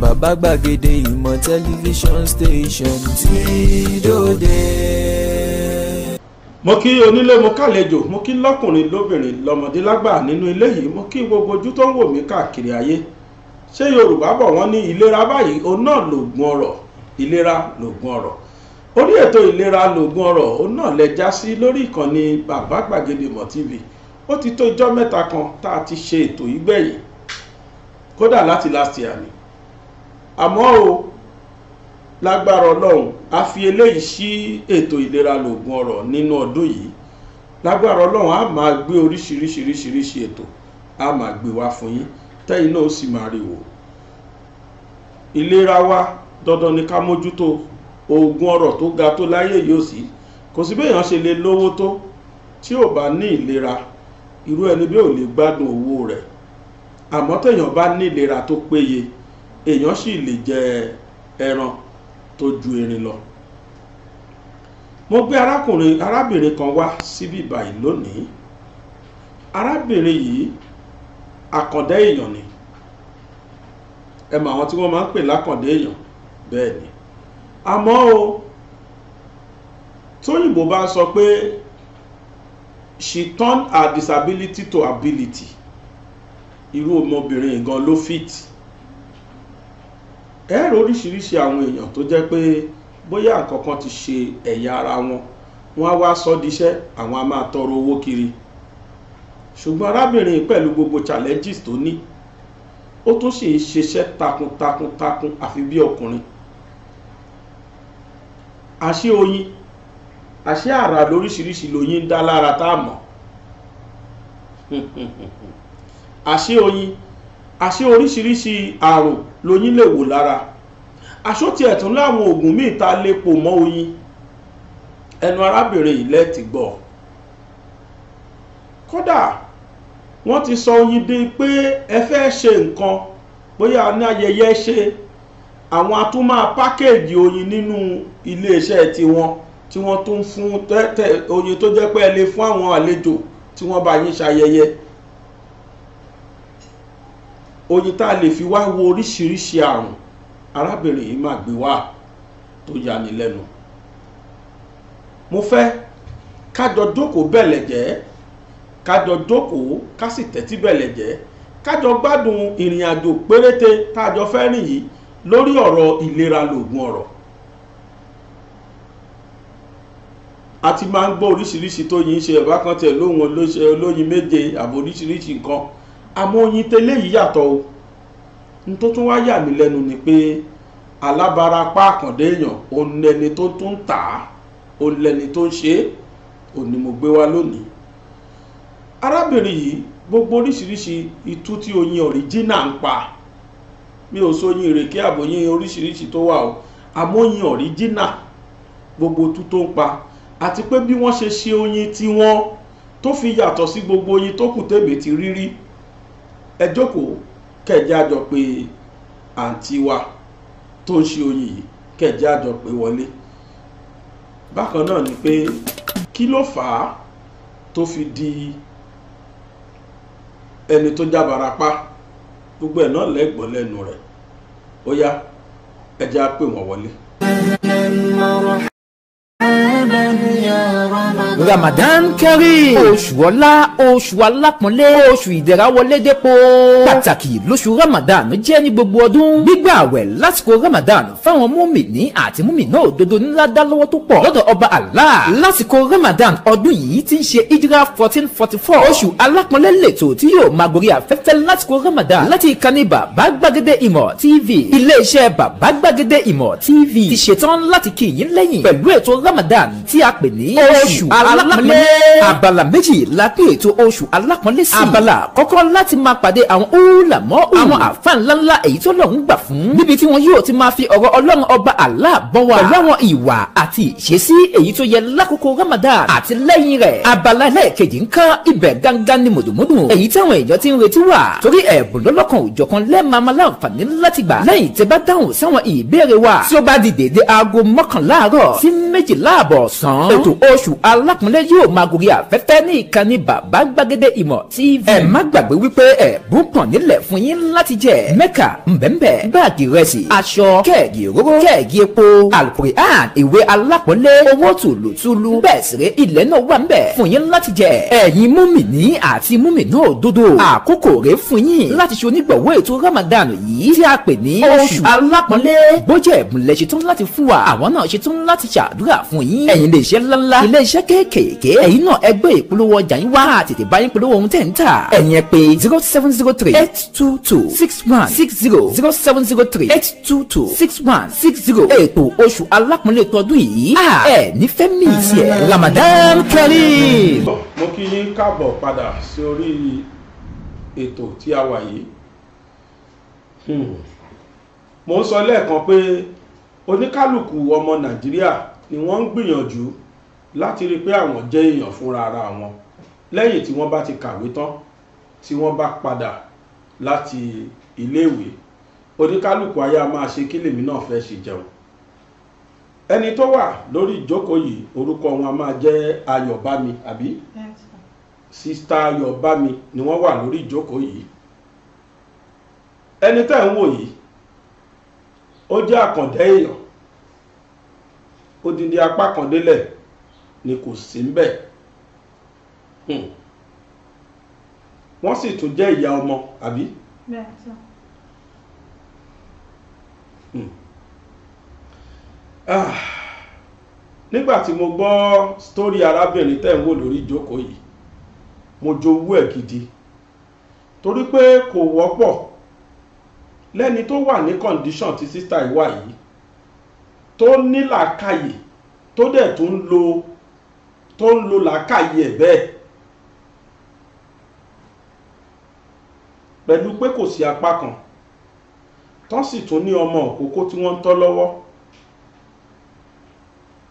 bàbá gbàgede ìmọ̀ tẹlifíṣọ̀n station ti dòde. mo kí onílé mo kàlejò mo kí lọ́kùnrin lóbìnrin lọ́mọdé lágbà nínú ilé yìí mo kí gbogbo ojú tó ń wò mí káàkiri ayé ṣé yorùbá bọ̀ wọ́n ní ìlera báyìí òun náà lògùn ọrọ̀ ìlera lògùn ọrọ̀ orí ètò ìlera lògùn ọrọ̀ òun náà lẹ já sí lórí ìkànnì bàbá gbàgede mọ̀ tv ó ti tó ijọ́ mẹ́ta kan tá a ti ṣe ètò yìí kódà láti last year ni àmọ́ o lágbára ọlọ́run a fi eléyìí sí ètò ìlera lògùn ọ̀rọ̀ nínú ọdún yìí lágbára ọlọ́run a máa gbé oríṣiríṣiríṣiríṣi ètò a máa gbé wá fún yín tẹ́yìn náà ó sì máa rí wò ìlera wa dandan ni ká mójútó oògùn ọ̀rọ̀ tó ga tó láyé yóò sí kò sí béèyàn ṣe lè lówó tó tí ò bá ní ìlera irú ẹni bí ò lè gbádùn owó rẹ̀ àmọ́ téèyàn bá ní ìlera tó péye èèyàn sì lè jẹ ẹran tó ju erin lọ mo gbé arákùnrin arábìnrin kan wá síbí báyìí lónìí arábìnrin yìí àkàndá èèyàn ni ẹ mọ àwọn tí wọ́n máa ń pè lákàndá èèyàn bẹ́ẹ̀ ni àmọ́ o tóyìnbó bá sọ pé she turned her disability to ability irú ọmọbìnrin gan ló fìtì ẹ̀rọ oríṣiríṣi àwọn èèyàn tó jẹ́ pé bóyá àkọ́kọ́ ti ṣe ẹ̀yà ara wọn wọ́n á wá sọ díṣẹ́ àwọn á máa tọrọ owó kiri ṣùgbọ́n arábìnrin pẹ̀lú gbogbo challenges tó ní ó tún sì ń ṣiṣẹ́ takuntakun takun àfi bí ọkùnrin àṣé oyin àṣé àrà lóríṣiríṣi lóyin ń dá lára tá a mọ̀ àṣé oyin àṣé oríṣiríṣi àrùn lóyún lè wò lára aṣó ti ẹ̀tún láwọn oògùn míì ta lè pò mọ́ oyin ẹnu arábìnrin yìí lẹ́ẹ̀tì gbọ́ kódà wọ́n ti sọ oyin di pé ẹ fẹ́ ṣe nǹkan bóyá ní ayẹyẹ ṣe àwọn a tún máa pákéèjì oyin nínú iléeṣẹ́ tiwọn tí wọ́n tún fún oyin tó jẹ́ pé ẹ lè fún àwọn àlejò tí wọ́n bá yín ṣayẹyẹ oyin tá a lè fi wá wo oríṣiríṣi àrùn arábìnrin yìí máa gbé wá tó yani lẹ́nu mo fẹ́ kájọ jókòó bẹ̀lẹ̀ jẹ́ kájọ jókòó ká sì tẹ́tí bẹ̀lẹ̀ jẹ́ kájọ gbádùn ìrìn àjò péréte tájọ fẹ́ rìn yìí lórí ọ̀rọ̀ ìlera lògùn ọ̀rọ̀ a ti máa ń gbọ́ oríṣiríṣi tó yin ṣe ẹ̀bá kan tẹ̀ lóhun olóyin méje àbò oríṣiríṣi nǹkan àmọ́ oyin tẹ́lẹ̀ yìí yàtọ̀ o n tó tún wá yà mí lẹ́nu ni pé alábara páàkàndé èèyàn òun lẹni tó tún ń tà á òun lẹni tó ń ṣe é òun ni mo gbé wá lónìí arábìnrin yìí gbogbo oríṣiríṣi itú tí oyin ọ̀ríjínà ń pa mi ò so oyin ìrèké àbòyín oríṣiríṣi tó wà o àmọ́ oyin ọ̀ríjínà gbogbo itú tó ń pa àti pé bí wọ́n ṣe ṣe oyin tiwọn tó fi yàtọ̀ sí gbogbo oyin tó kù tèmi ti rírí. Si ẹ jókòó kẹjá jọ pé àǹtí wa tó ń ṣe oyin yìí kẹjá jọ pé wọlé bákan náà ni pé kí ló fà á tó fi di ẹni tó jábarapá gbogbo ẹ̀ náà lẹ́gbọ̀n lẹ́nu rẹ̀ ó yá ẹjẹ́ á pè wọ́n wọlé. Ramadan Kareem oṣù ọlá oṣù alápọ̀nlé oṣù ìdẹ̀ra wọlé dépò pàtàkì lóṣù Ramadan jẹ́ ní gbogbo ọdún gbígbà àwẹ̀ lásìkò Ramadan fáwọn múmìnì àti múmìnà dodo ńlá dá lọ́wọ́ tó pọ̀ lọ́dọ̀ ọba Allah lásìkò Ramadan ọdún yìí ti ń ṣe hijra fourteen forty four oṣù alápọ̀nlé lẹ́tọ̀ tí yóò máa gorí afẹ́fẹ́ lásìkò Ramadan láti ìkànnì bàbá gbàgede ìmọ̀ TV iléeṣẹ́ bàbá gbàgede ìmọ̀ TV ti ṣetán láti kì í yín lẹ́yìn pẹ̀lú ètò Ramadan tí a pè ní oṣù al alápọ̀nlé. abala méjì la pè ètò oṣù alápọ̀nlé sí. abala kọ́kọ́ láti máa pàdé àwọn òòlà mọ́ òòlù. àwọn àfa ńláńlá èyí tó lọ́run gbà fún. níbi tí wọn yóò ti máa fi ọ̀rọ̀ ọlọ́run ọba Allah bọ́ wa. pẹ̀lú àwọn ìwà àti ìṣesí èyí tó yẹ lákòókò Ramadan àti lẹ́yìn rẹ̀. abala lẹ́ẹ̀kejì ń kán ibẹ̀ gangan ni mùdùmùdù. èyí táwọn èèyàn ti ń retí wà. torí ẹ̀bùn lọ́lọ́kan òjọ̀kan lẹ́ẹ̀mama láǹfààní láti gbà. lẹ́yìn tẹ bá dáhùn sáwọn ìbéèrè wa. tí ó bá di dédé aago mọ́kànlá àárọ̀ sí méjìlá àbọ̀ ọ̀sán. ètò oṣù alá alápọ̀nlé yóò máa gòrí afẹ́fẹ́ ní ìkànnì bàbá gbàgede ìmọ̀ tv. ẹ má gbàgbé wípé ẹ̀bùn pọ̀n nílẹ̀ fún yín láti jẹ mẹ́kà mbẹ́mbẹ́ báàgì rẹsì aṣọ kẹ́ẹ̀gì òróró kẹ́ẹ̀gì epo alukur'an ìwé alápọ̀nlé owó tùlùtùlù bẹ́ẹ̀ sẹ̀rẹ̀ ilẹ̀ náà wà ń bẹ̀ fún yín láti jẹ ẹ̀yin múmìnì àti múmìnà òdodo àkókò rẹ̀ fún yín láti ṣe onígbọ̀wọ́ ètò ramadan yìí tí kéékèèké ẹ̀yin náà ẹgbẹ́ ìpolówó ọjà yín wá àtètè bá yín polówó ohun tẹ̀ ń tà ẹ̀yin ẹ pè zero seven zero three eight two two six one six zero zero seven zero three eight two two six one six zero ètò oṣù alápọ̀nlé tọdún yìí ẹ ní fẹ́ mi ìsì ẹ̀ Ramadan Kareem. mo kí yín káàbọ̀ padà sí orí ètò tí a wà yìí hmm. mo ń sọ lẹ́ẹ̀kan pé oníkálùkù ọmọ Nàìjíríà ni wọ́n ń gbìyànjú láti rí i pé àwọn jẹ́ èèyàn fúnra ara wọn lẹ́yìn tí wọ́n bá ti kàwé tán tí wọ́n bá padà láti iléèwé oníkálukú ayé a máa ṣe kí lèmi náà fẹ́ ṣe jẹun ẹni tó wà lórí ìjókòó yìí orúkọ wọn a máa jẹ́ ayọ̀bámi àbí sista ayọ̀bámi ni wọ́n wà lórí ìjókòó yìí ẹni tẹ́ ń wò yìí ó jẹ́ àkàndá èèyàn odindi apá kan délẹ̀ ni kò sí ń bẹ̀ hmm. wọ́n sì tún jẹ́ ìyá ọmọ àbí. Hmm. Ah. nígbà tí mo gbọ́ sítórí arábìnrin tẹ́ ń wò lórí ìjókòó yìí mo jowú ẹ̀ gidi torí pé kò wọ́pọ̀ lẹ́ni tó wà ní kọ́ndíṣọ̀n tí sísá ìwà yìí tó ní làákàyè tó dẹ̀ tó ń lo tó ń lo làákàyè ẹ̀ bẹ́ẹ̀ pẹ̀lú pé kò sí apá kan tán sì tún ní ọmọ òkókó tí wọ́n ń tọ́ lọ́wọ́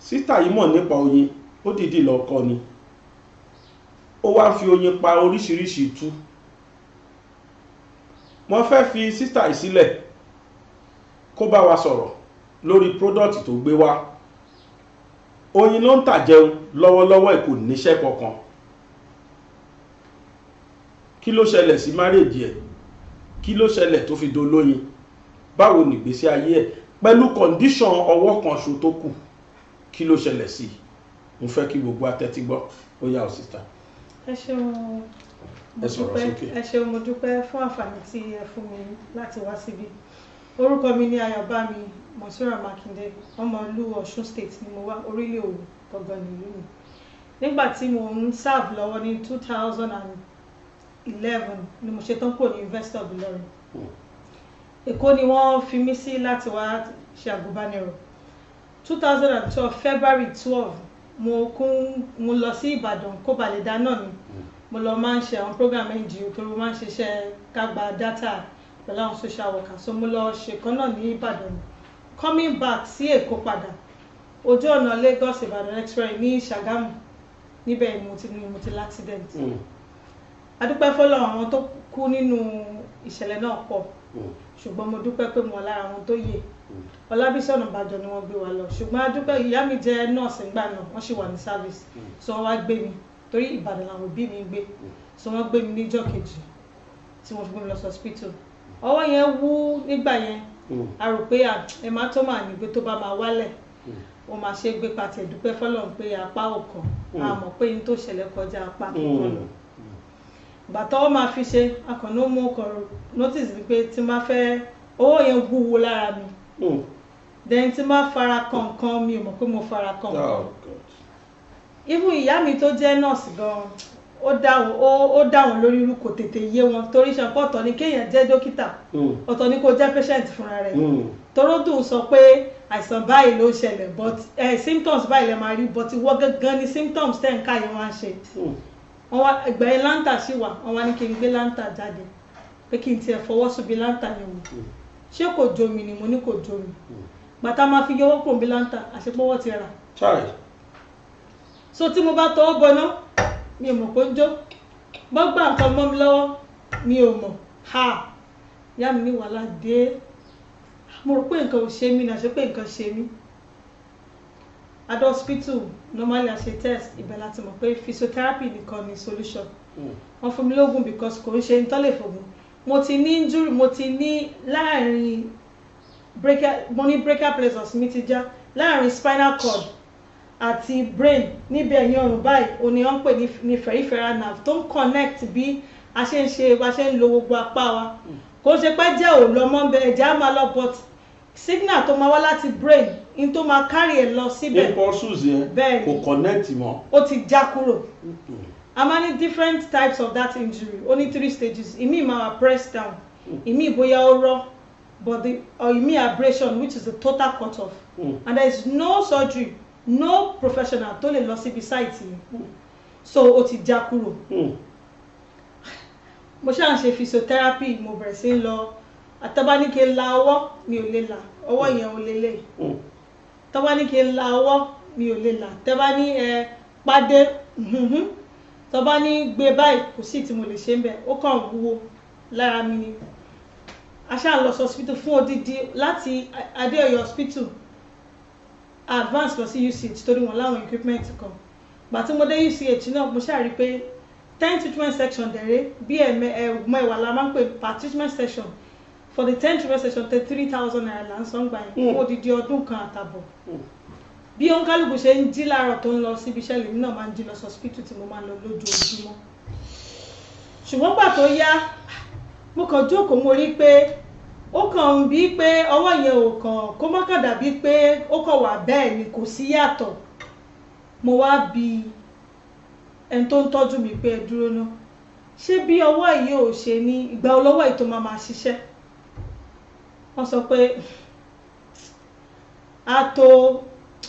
sísítà yìí mọ̀ nípa oyin ó dìdí lọ kọ́ ni ó wá fi oyin pa oríṣiríṣi ìtú wọ́n fẹ́ fi sísítà yìí sílẹ̀ kó bá wa sọ̀rọ̀ lórí pródọ́tì tó gbé wá oyin ló ń tà jẹun lọ́wọ́lọ́wọ́ ẹ̀ kò níṣẹ́ kankan kí ló ṣẹlẹ̀ sí márèèjì ẹ̀ kí ló ṣẹlẹ̀ tó fi dolóyin báwo nìgbésí ayé ẹ̀ pẹ̀lú kọ̀ǹdíṣàn ọwọ́ kan ṣo tó kù kí ló ṣẹlẹ̀ sí mo fẹ́ kí gbogbo atẹ́tí gbọ́ ó yá ọ síta. ẹ ṣeun mo dúpẹ́ ẹ ṣeun mo dúpẹ́ fún àǹfààní tí ẹ fún mi láti wá síbí orúkọ mi ni ayọ̀bámi mọ̀síra mákindé ọmọ ìlú ọ̀ṣun state ni mo wá orílẹ̀ òwò gangan nìlú mi nígbà tí mo ń serve lọ́wọ́ ní two thousand and eleven ni mo ṣetán kúrò ní university of Ilorin èkó ni wọ́n fi mí sí láti wá ṣe àgùnbánirọ̀ two thousand and twelve february twelve mo kún mo lọ sí ìbàdàn kó ba lè dáná mi hmm. mo lọ máa ń ṣe àwọn program ngo tó máa ń ṣiṣẹ́ ká data pẹ̀lú àwọn social worker so mo lọ ṣèkan náà ní Ìbàdàn coming back sí Èkó padà ojú ọ̀nà Lagos Ìbàdàn express ní Ṣàgámù níbẹ̀ ni mo ti ní mo ti l'accident mm. a dúpẹ́ fọlọ́ àwọn tó kú nínú ìṣẹ̀lẹ̀ náà pọ̀ mm. ṣùgbọ́n mo dúpẹ́ pé mo wà lára àwọn tó yè mm. Ọlábísí Ọ̀nàbàjọ́ ni wọ́n gbé wa lọ ṣùgbọ́n a dúpẹ́ ìyá mi jẹ́ nọ́ọ̀sì ńgbà náà wọ́n sì wà ní service so wọ́n wá gbé mi torí Ìbàdàn làwọn òbí mi gbé so wọ́n gbé mi níjọ́ kejì tí wọ́n fi gbé mi lọ sí hospital ọwọ́ yẹn wú nígbà yẹn hmm. a rò pé hematoma ni pé tó bá máa wálẹ̀ hmm. ó máa ṣe gbé pàtẹ dúpẹ́ fọlọ́run pé apá ọ̀kan a hmm. mọ̀ pé ní tó ṣẹlẹ̀ kọjá apá kíkan lọ bàtà ó máa fi ṣe akànnà mú ọkọ̀ notice ni pé tí máa fẹ́ owó yẹn wúwo lára mi then tí máa fara kan nǹkan mi ò mọ̀ pé mo fara kan nǹkan oh, even ìyá mi tó jẹ́ nọ́ọ̀sì gan-an ó dáhùn ó dáhùn lórí irú kò tètè yé wọn torí ṣàǹkó ọ̀tọ̀ ni kéèyàn jẹ́ dókítà hmm. ọ̀tọ̀ ni kò jẹ́ patient fúnra rẹ̀ hmm. toródùn sọ pé àìsàn báyìí ló ń ṣẹlẹ̀ but eh, symptoms báyìí lè máa rí but ìwọ gangan ni symptoms tẹ̀ ń ká yẹn hmm. wá ń ṣe ìgbà yẹn láńtà sì wà wọn wá ní kí n gbé láńtà jáde pé kí n tiẹ̀ fọwọ́ sùbí láńtà yẹn wò ṣé kò jomi ni mo ní kò jomi bàtà máa fi yọwọ́ pòǹbí láńtà àṣepọ̀wọ́ ti rà so tí mo bá tọwọ́ bọ náà mi ò mọ̀ pé ó ń jó bọ́ gbà nǹkan mọ́ mi lọ́wọ́ mi ò mọ̀ ha ìyá mi ní wàhálà dé mo rò pé nǹkan ò ṣe mí náà ṣe pé nǹkan ṣe mí adó hospital normally a ṣe test ibẹ̀ láti mọ̀ pé physiotherapy nìkan ni solution hmm. wọ́n fún mi lóògùn because kò ń ṣe ń tọ́lẹ̀ fògùn mo ti ní injury mo ti ní láàrin breaker mo ní breaker plexus mi ti já láàrin spinal cord àti brain níbi ẹ̀yìn ọrùn báyìí òní wọ́n ń pè ní peripheral nerve tó ń connect bí a ṣe ń ṣe bá ṣe ń lo gbogbo apá wa kò ṣe pé jẹ́ ò lọ mọ́ bẹ ẹ̀jẹ̀ á máa lọ but signal tó máa wá láti brain in tó máa carry ẹ̀ lọ síbẹ̀ impulses kò connect mọ́ ó ti já kúrò a máa ní different types of that injury ó ní three stages ìmí máa wà press down ìmí bóyá ó rọ but the or ìmí abrasion which is the total cut off mm. and there is no surgery no professional tó lè lọ síbi sáìtì so ó ti já kúrò hmm. mo ṣáà ń ṣe physiotherapy mo bẹ̀rẹ̀ sí lọ àtọ́báníkè la ọwọ́ mi ò lè là ọwọ́ hmm. yẹn ò lè lè hmm. tọ́báníkè la ọwọ́ mi ò lè là tẹ́bá ní ẹ pàdé tọ́bá ní gbé báyìí kò sí tí mo lè ṣe ń bẹ̀ ó kàn wúwo lára mi ni a lọ sọ hospital fún odidi láti adéoyè hospital advance lọ sí UCH torí wọn láwọn equipment kan gbà tí mo dé UCH náà mo ṣáà rí i pé ten treatment section dẹ̀rẹ́ bí ẹ̀mẹ ẹ̀gbọ́n ẹ̀wà la máa ń pè per treatment section for the ten treatment section thirty three thousand naira là ń san gbà yẹn fún hmm. odidi ọdún kan àtàbọ̀ hmm. bí oníkálukú ṣe ń jí láàárọ̀ tó ń lọ síbi iṣẹ́ lèmi náà máa ń jí lọ sí hospital tí mo máa ń lọ lójoojúmọ́ ṣùgbọ́n gbà tó yá mo kàn jókòó mo rí pé ó kàn ń bíi pé ọwọ́ yẹn ò kàn kó má kàn dàbí pé ó kàn wà bẹ́ẹ̀ ni kò sí yàtọ̀ mo wá bi ẹni tó ń tọ́jú mi pé ẹ dúró ná ṣé bí ọwọ́ yìí ò ṣe ní ìgbà olówó yìí tó máa máa ṣiṣẹ́ wọ́n sọ pé a tó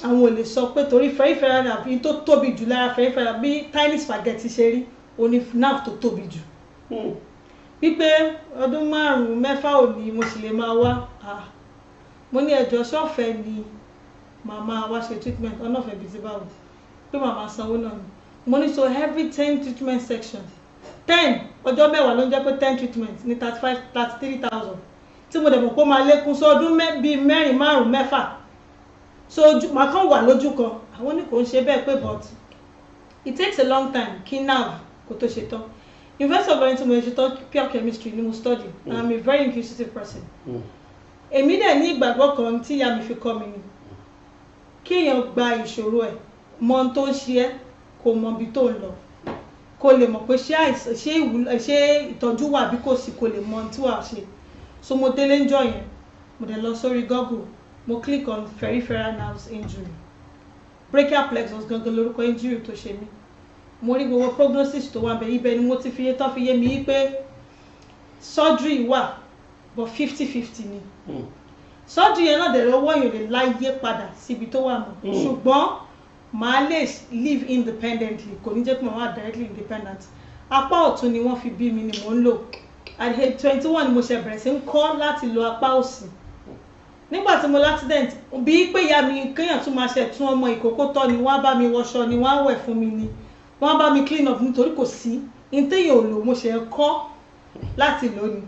àwọn ò lè sọ pé torí fẹ́rífẹ́ra náà tó tóbi jù lára fẹ́rífẹ́ra bí tiny spaghetti ṣe rí o ní naf tó tóbi jù. Hmm wípé ọdún márùn-ún mẹ́fà òní mo sì lè máa wá mo ní ẹjọ́ sọ́fẹ̀ẹ́ ni màmá wa ṣe treatment ọ̀nàfẹ́ bíi ti báwo pé màmá sanwó náà ni mo ní so every ten treatment section ten ọjọ́ mẹ́wàá ló ń jẹ́ pé ten treatment ní thirty five thirty three thousand tí mo dẹ̀ mọ̀ pé ó máa lékún sọ́dún bíi mẹ́rin márùn-ún mẹ́fà so màá kàn wà lójú kan àwọn ní kò ń ṣe bẹ́ẹ̀ pé but it takes a long time kí nerve kó tó ṣe tán university of Warrington mo ṣe tọ́ pure chemistry you must study and mm. i'm a very inquisitive person mm. èmi dẹ̀ ní ìgbàgbọ́ kan tí ìyá mi fi kọ́ mi ni kéèyàn gba ìṣòro ẹ̀ mọ ohun tó ń ṣe ẹ́ kò mọ ibi tó ń lọ kò lè mọ̀ pé ṣé ìtọ́jú wà bí kò sí kò lè mọ ohun tí wàá ṣe so mo délé ń jọ yẹn mo dẹ̀ lọ sórí Google mo click on peripheral nerves injury brachial plexus gangan lórúkọ injury tó ṣe mí mo rí gbogbo prognosis tó wà bẹ ibẹ̀ ni mo ti fi tán fi yé mi pé surgery wà but fifty fifty ni hmm. surgery yẹn náà dẹ̀ lọ́wọ́ yóò lè láyé padà síbi tó wà mọ́ hmm. ṣùgbọ́n màá lè live independently kò ní jẹ́ pé màá wà directly independent apá ọ̀tún ni wọ́n fi bí mi ni mò ń lò at age twenty one mo ṣe bẹ̀rẹ̀ sí ń kọ́ láti lo apá òsì nígbà tí mo l'accident bí pé ìyá mi kéèyàn tún máa ṣe tún ọmọ ìkókó tọ́ ni wọ́n á bá mi wọṣọ ni wọ́n á wẹ̀ fún mi ni wọ́n bá mi clean up nítorí kò sí ntẹ́yìn ò lò mo ṣe kọ́ láti lò ní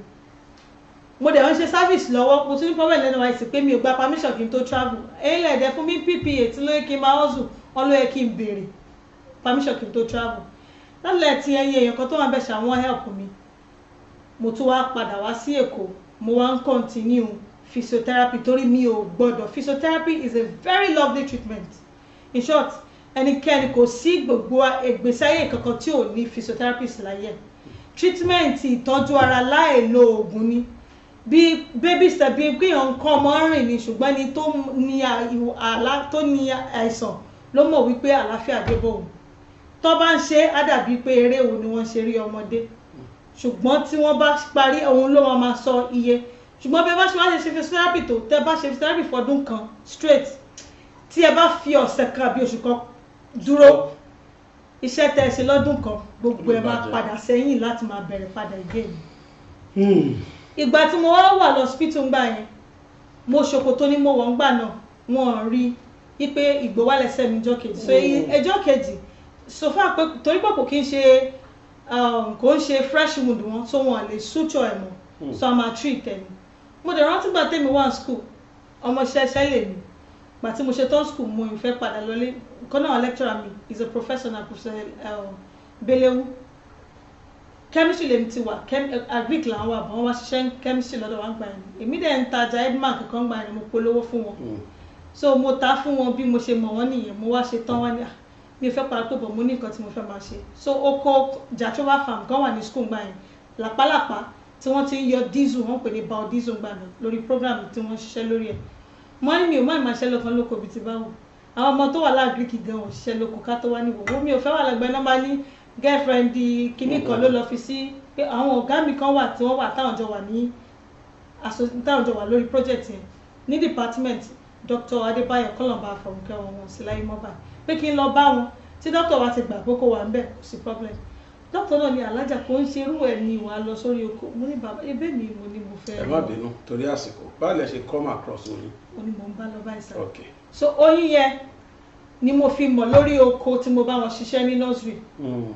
mo dẹ̀ ń ṣe service lọ́wọ́ mo tún ní problem lẹ́nu àìsí pé mi ò gba permission kí n tó travel ẹ̀yìn ẹ̀dẹ̀ fún mi ppa tí ló yẹ kí n máa hustle wọn ló yẹ kí n béèrè permission kí n tó travel lálẹ́ tí ẹyẹ èèyàn kan tó wà bẹ̀ ṣàwọn help mi mo tún wá padà wá sí èkó mo wá ń continue physiotherapy torí mi ò gbọ́dọ̀ physiotherapy is a very lovely treatment in short ẹnikẹ́ni kò sí gbogbo ìgbésí ayé kankan tí ò ní physiotherapist láyé treatment ìtọ́jú ara láì lo oògùn ni bí baby step bí kéèyàn ń kọ́ ọmọ rìn ni ṣùgbọ́n ni tó ní àlá tó ní àìsàn ló mọ̀ wípé àlàáfíà dé bò wọ́n tó bá ń ṣe á dàbí pé eré wo ni wọ́n ṣe rí ọmọdé ṣùgbọ́n tí wọ́n bá parí òun ló máa sọ iye ṣùgbọ́n bí ẹ bá ṣe wá ṣe ṣe physiotherapy tó tẹ bá ṣe physiotherapy fọdún kan straight tí ẹ bá fi ọ̀sẹ̀ kan àbí oṣù kan dúró iṣẹ́ tẹ́ ẹ ṣe lọ́dún kan gbogbo ẹ máa padà sẹ́yìn láti máa bẹ̀rẹ̀ padà again. Hmm. ìgbà tí mo wá wà lọ́sípítù ńgbà yẹn mo ṣòkòtò ni mo wọ̀ ńgbà náà wọn ò rí i pé ìgbówálẹ̀sẹ̀ mi jọ́ kejì so hmm. ẹjọ́ kejì so far pé torí pé kò kí n ṣe um, kò ń ṣe fresh wound wọn tó wọn lè suture ẹ̀ mọ́ hmm. so I'm a máa treat ẹ̀ ni mo dẹ̀ rántí gbà tèmi wà ní school ọmọ ṣẹṣẹ lèmi gbà tí mo ṣe tán school mo ìfẹ́ padà lọlé kan náà lecturer mi is a professor na professor uh, Belewu chemistry lèmi ti wà agric uh, là ń wà bọ́n wá ṣiṣẹ́ chemistry lọ́dọ̀ wa ń gbà yẹn èmi dẹ̀ ń tajà edman kankan gbà yẹn mo polówó fún wọn hmm. so mo ta fún wọn bí mo ṣe mọ̀ wọ́n nìyẹn mo wá ṣe tán wá ní à ah, mi ò fẹ́ para pé bọ̀ mo ní nǹkan tí mo fẹ́ máa ṣe so oko jachova farm kan wà ní school gbà yẹn làpálàpá tí wọ́n ti ń yọ diesel wọ́n pè ní biodiesel gbà náà lórí program tí wọ́n ṣiṣẹ́ lórí ẹ̀ mo ní mi ò má ìmọ̀ ṣẹ́ lọ́kàn lóko ibi tí bá wù àwọn ọmọ tó wà láàgíríkì gan ò ṣiṣẹ́ lóko ká tó wá ní ìwòwò mi ò fẹ́ wà lọ́gbẹ́ náà máa ní girlfriend kinní kan ló lọ fi sí pé àwọn ọ̀gá mi kan wà tí wọ́n wà táwọn jọ wà ní táwọn jọ wà lórí project yẹn ní department Dr. Adébáyọ̀ kọlọmba àfọwọkẹ wọn wọn sí láyé mọba pé kí n lọ bá wọn tí dókítà wa ti gbà pé kó wà ń bẹ kò sí problem dókítà náà ni alájà kò ń ṣe irú ẹ ní ìwà lọ sórí oko mo ní bàbá ebé mi mo ní mo fẹ́. ẹ má bínú torí àsìkò báyìí lè ṣe come across òní ni mò ń bá lọ báyìí sàn. so oyin yẹn ni mo fi mọ̀ lórí oko tí mo bá wọn ṣiṣẹ́ ní nursery. Mm.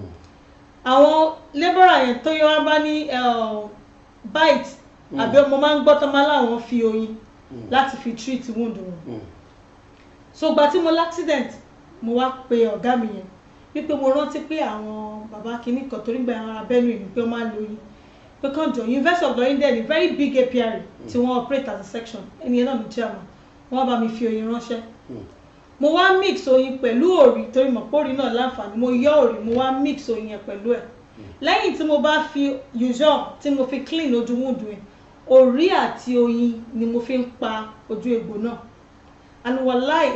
àwọn labour yẹn tó yẹ wá bá ní eh, bite mm. àbí ọmọ máa ń gbọ́ tán máa láwọn fi oyin mm. láti fi treat wound wọn. so gba tí mo l'accident mo wá pe ọ̀gá mi yẹn wípé mo rántí pé àwọn bàbá kìíní kan torí gba ara bẹ́nu ìlú pé wọ́n máa lo oyin pé kàn jọ University of London very big apiary tí wọ́n operate as a section ẹni yẹn náà ní chairman wọ́n bá mi fi oyin ránṣẹ́ hmm. mo wá mix oyin pẹ̀lú òrì torí mọ̀ pórí náà láǹfààní mo yọ òrì mo wá mix oyin yẹn pẹ̀lú ẹ̀ hmm. lẹ́yìn tí mo bá fi usual tí mo fi clean ojú wound mi òrí àti oyin ni mo fi ń pa ojú egbò náà and wàláì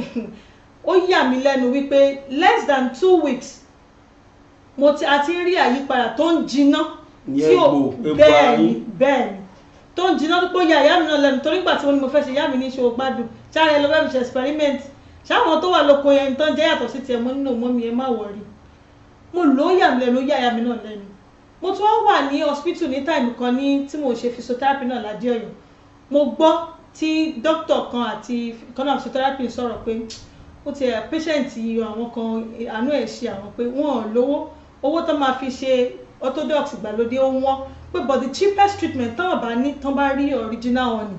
ó yà mí lẹ́nu wípé less than two weeks mo ti a ti ń rí àyípadà tó ń jiná tí ò bẹ́ẹ̀ ni bẹ́ẹ̀ ni tó ń jiná tó pé yà ìyá mi náà lẹ́nu torí gbà tí wọ́n ní mo fẹ́ ṣe ìyá mi ní ṣe o gbádùn ṣáàrẹ lọ bẹ́ẹ̀ fi ṣe experiment ṣáwọn tó wà lóko yẹn tó ń jẹ́ yàtọ̀ sí tiẹ̀ mọ́ nínú mọ́ mi ẹ má wọrí mo lò ó yà mí lẹ́nu yà yà mí náà lẹ́nu mo tún wà ní hospital ní táìmù kan ní tí mo ṣe physiotherapy náà ládé ọ̀yọ́ mo gbọ́ tí dókítà kan àti kan náà physiotherapy sọ̀rọ̀ pé ó ti ẹ̀ patient àwọn kan àánú ẹ̀ ṣe àwọn pé wọ́n ò lówó owó tó máa fi ṣe orthodox ìgbàlódé ó wọ́n pé but the cheapest treatment tán bá ní tán bá rí original one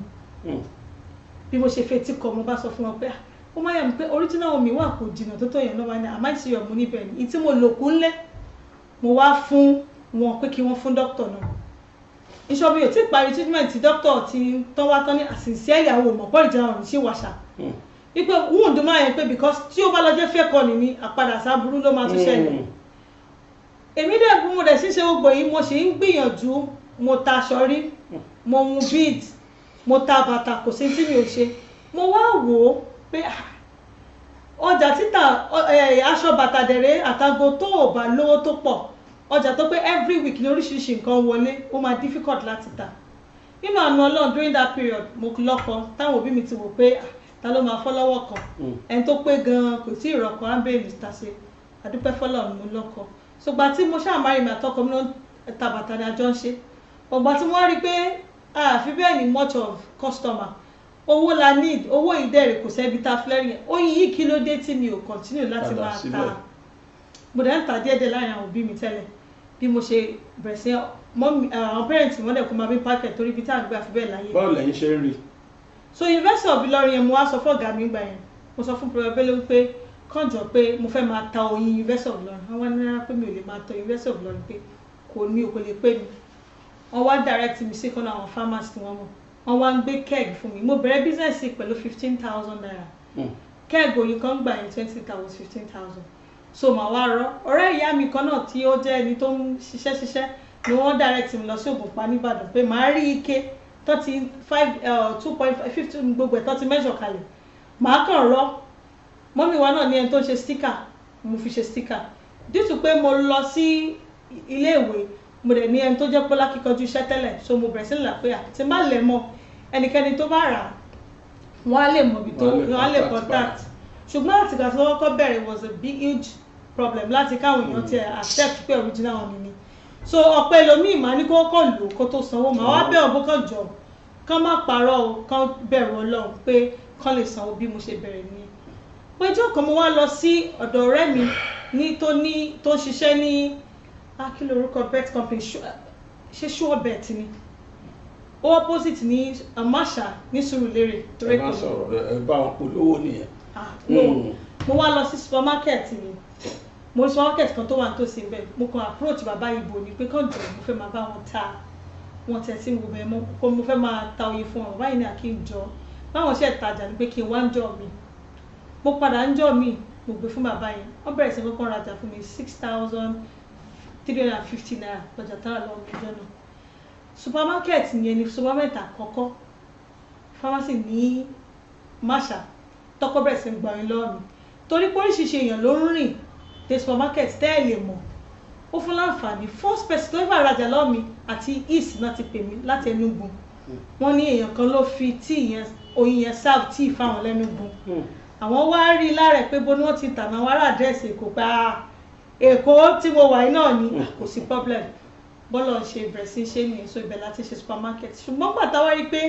Mm bí mo ṣe fetí kọ mo bá sọ fún wọn pé ah, ó má yà mí pé original omi wà kò jìnnà tó tó yẹn lọ́wọ́ ni àmọ́ ìṣirò mo níbẹ̀ ni ìtí mo lò kún lẹ́ mo wá fún wọn pé kí wọ́n fún dókítà náà ìṣọ́bí ò tí ì parí treatment tí dókítà ti tán wá tán ní àṣìṣe ìyàwó mọ̀ pọ́lì jẹ́ ọ̀rùn sí wàṣà ipe wound máa yẹn pé because tí ó bá lọ jẹ́ fẹ́ kọ́ni ni àpadà sábúrú ló máa tún hmm. ṣẹlẹ̀ èmi dẹ̀ mo dẹ̀ ṣíṣe gbogbo yìí mo ṣe ń gbìyànjú mo taṣọ rí hmm. mo mu beads mo ta bàtà kò sí tí mi ò ṣe mo wá wò ó pé ah, ọjà títà aṣọ bàtà dẹ̀rẹ́ àtago tó ò bá lówó tó pọ̀ ọjà tó pé every week ní oríṣiríṣi nǹkan wọlé ó máa difficult láti tà nínú àánú ọlọ́run during that period mo lọ́kọ táwọn òbí mi ti wò pé ah, ta ló máa fọ́ lọ́wọ́ kan mm. ẹni tó pé gan-an kò tí ì rọ́kọ ambulance ta ṣe àdúpẹ́ fọlọ́run mo lọ́kọ ṣùgbọ́n tí mo ṣáà mi àtọkọ mi ló ń ta bàtà ni àjọ ń ṣe ọgbà tí wọ́n rí pé àfi ah, bẹ́ẹ̀ ni much of customer owó la need owó ìdẹ́rẹ̀ kò sẹ́bi ta flẹ́rì yẹn ó yí kí ló dé tí mi ò continue láti máa ta mo dẹ̀ ń ta díẹ̀díẹ̀ láàrin àwọn òbí mi tẹ́lẹ̀ bí mo ṣe bẹ̀rẹ̀ sí ah, àwọn parents wọn dẹ̀ kó máa bí packet torí ibi tá à ń gbà fi bẹ́ẹ̀ láyé. báwo lẹ́yìn ṣe ń rí. so university of Ilorin yẹn mo wá sọ fún ọ̀gá mi gbà yẹn mo sọ fún pẹ̀lú pẹ̀lú pé kànjọ pé mo fẹ́ máa ta oyin university of Ilorin àwọn náírà pé mi ò lè máa ta university of Ilorin pé kò ní òkèlè pé mi wọ́n wá direct mi sí kọ́nà àwọn farmers tí wọ́n mọ̀ wọ́n wá ń gbé keg fún mi mo bẹ̀rẹ̀ business pẹ̀lú fifteen thousand naira hmm. keg òyìn kan gbà yín twenty thousand fifteen thousand so màá wá rọ ọ̀rẹ́ ìyá mi kan náà tí ó jẹ́ ẹni tó ń ṣiṣẹ́ ṣiṣẹ́ ni wọ́n direct mi lọ sí Ògùnpa nìbàdàn pé màá rí ike thirty five eh, two point fifteen gbogbo ẹ̀ thirty measure kalẹ̀ màá kàn rọ mọ́mí wa náà ní ẹni tó ń ṣe sticker mo fi ṣe sticker dítù pé mo lọ sí ilé ìwé mo dẹ̀ ní ẹni tó jẹ́ pọ́lá kíkanjú iṣẹ́ tẹ́lẹ̀ so mo bẹ̀rẹ̀ sí làpẹ́yà tí n bá lẹ̀ mọ́ ẹnikẹ́ni tó bá rà wọ́n á lè mọ̀ bí tó wọ́n á lè contact ṣùgbọ́n àtìgbà tí wọ́n kọ́ bẹ̀rẹ̀ was a big huge problem láti káwọn èèyàn hmm. ti accept pé original wọn ni so ọ̀pẹ lomiì máa ní kó kọ́ lò kó tó sanwó máa wá bẹ̀ ọ̀bọ kan jọ kán má parọ́ o kán bẹ̀rù ọlọ́run pé kán lè sanwó bí mo ṣe bẹ̀rẹ̀ ni péjọ kan mo wá lọ sí ọ̀dọ̀ ọ̀rẹ́ mi ní tó ní tó ń ṣiṣẹ́ ní akílò ah, orúkọ bet company ṣe sure bet ni ó opposite ní amasha ní Surulere torí kò ẹ bá wọn polówó nìyẹn. Ah, hmm. mo wá lọ sí supermarket mi mo ní supermarket kan tó wà nítòsí ń mo kàn approach bàbá ibo ni pé kàn jọ mo fẹ́ máa bá wọn ta wọn tẹ̀ sí gbogbo mo mo fẹ́ máa ta oye fún wọn báyìí ní àkínjọ báwọn ṣe tajà ni pé kí n wá ń jọ mi mo padà ń jọ mi mo gbé fún bàbá yẹn wọ́n bẹ̀rẹ̀ sí kọ́kọ́ rajà fún mi six thousand three hundred and fifty naira lọ́jà tára lọ́wọ́ mi lọ́jọ́ náà supermarket yẹn ni supermarket àkọ́kọ́ pharmacy ní Masha tọ́kọ́ bẹ̀rẹ̀ sí ń gbà yín lọ́wọ́ mi torí pé oríṣiríṣi èèyàn ló ń rìn dé supermarket tẹ́ ẹ̀ lè mọ̀ ó fún láǹfààní first person tó fà rajà lọ́wọ́ mi àti east náà ti pè mí láti Enugu wọ́n ní èèyàn kan ló fi tíì yẹn oyin yẹn serve tíì fáwọn lẹ́nu gun hmm. àwọn wá rí lára ẹ̀ pé bó ni wọ́n ti tàná wàrà àdírẹ́sì kò gbà á ah, èkó tí mo wà náà ni ah, kò sí problem bọ́lọ̀ ń ṣe bẹ̀rẹ̀ sí ṣe nìyẹn so ibẹ̀ láti ṣe supermarket ṣùgbọ́n gbàtà wá rí i pé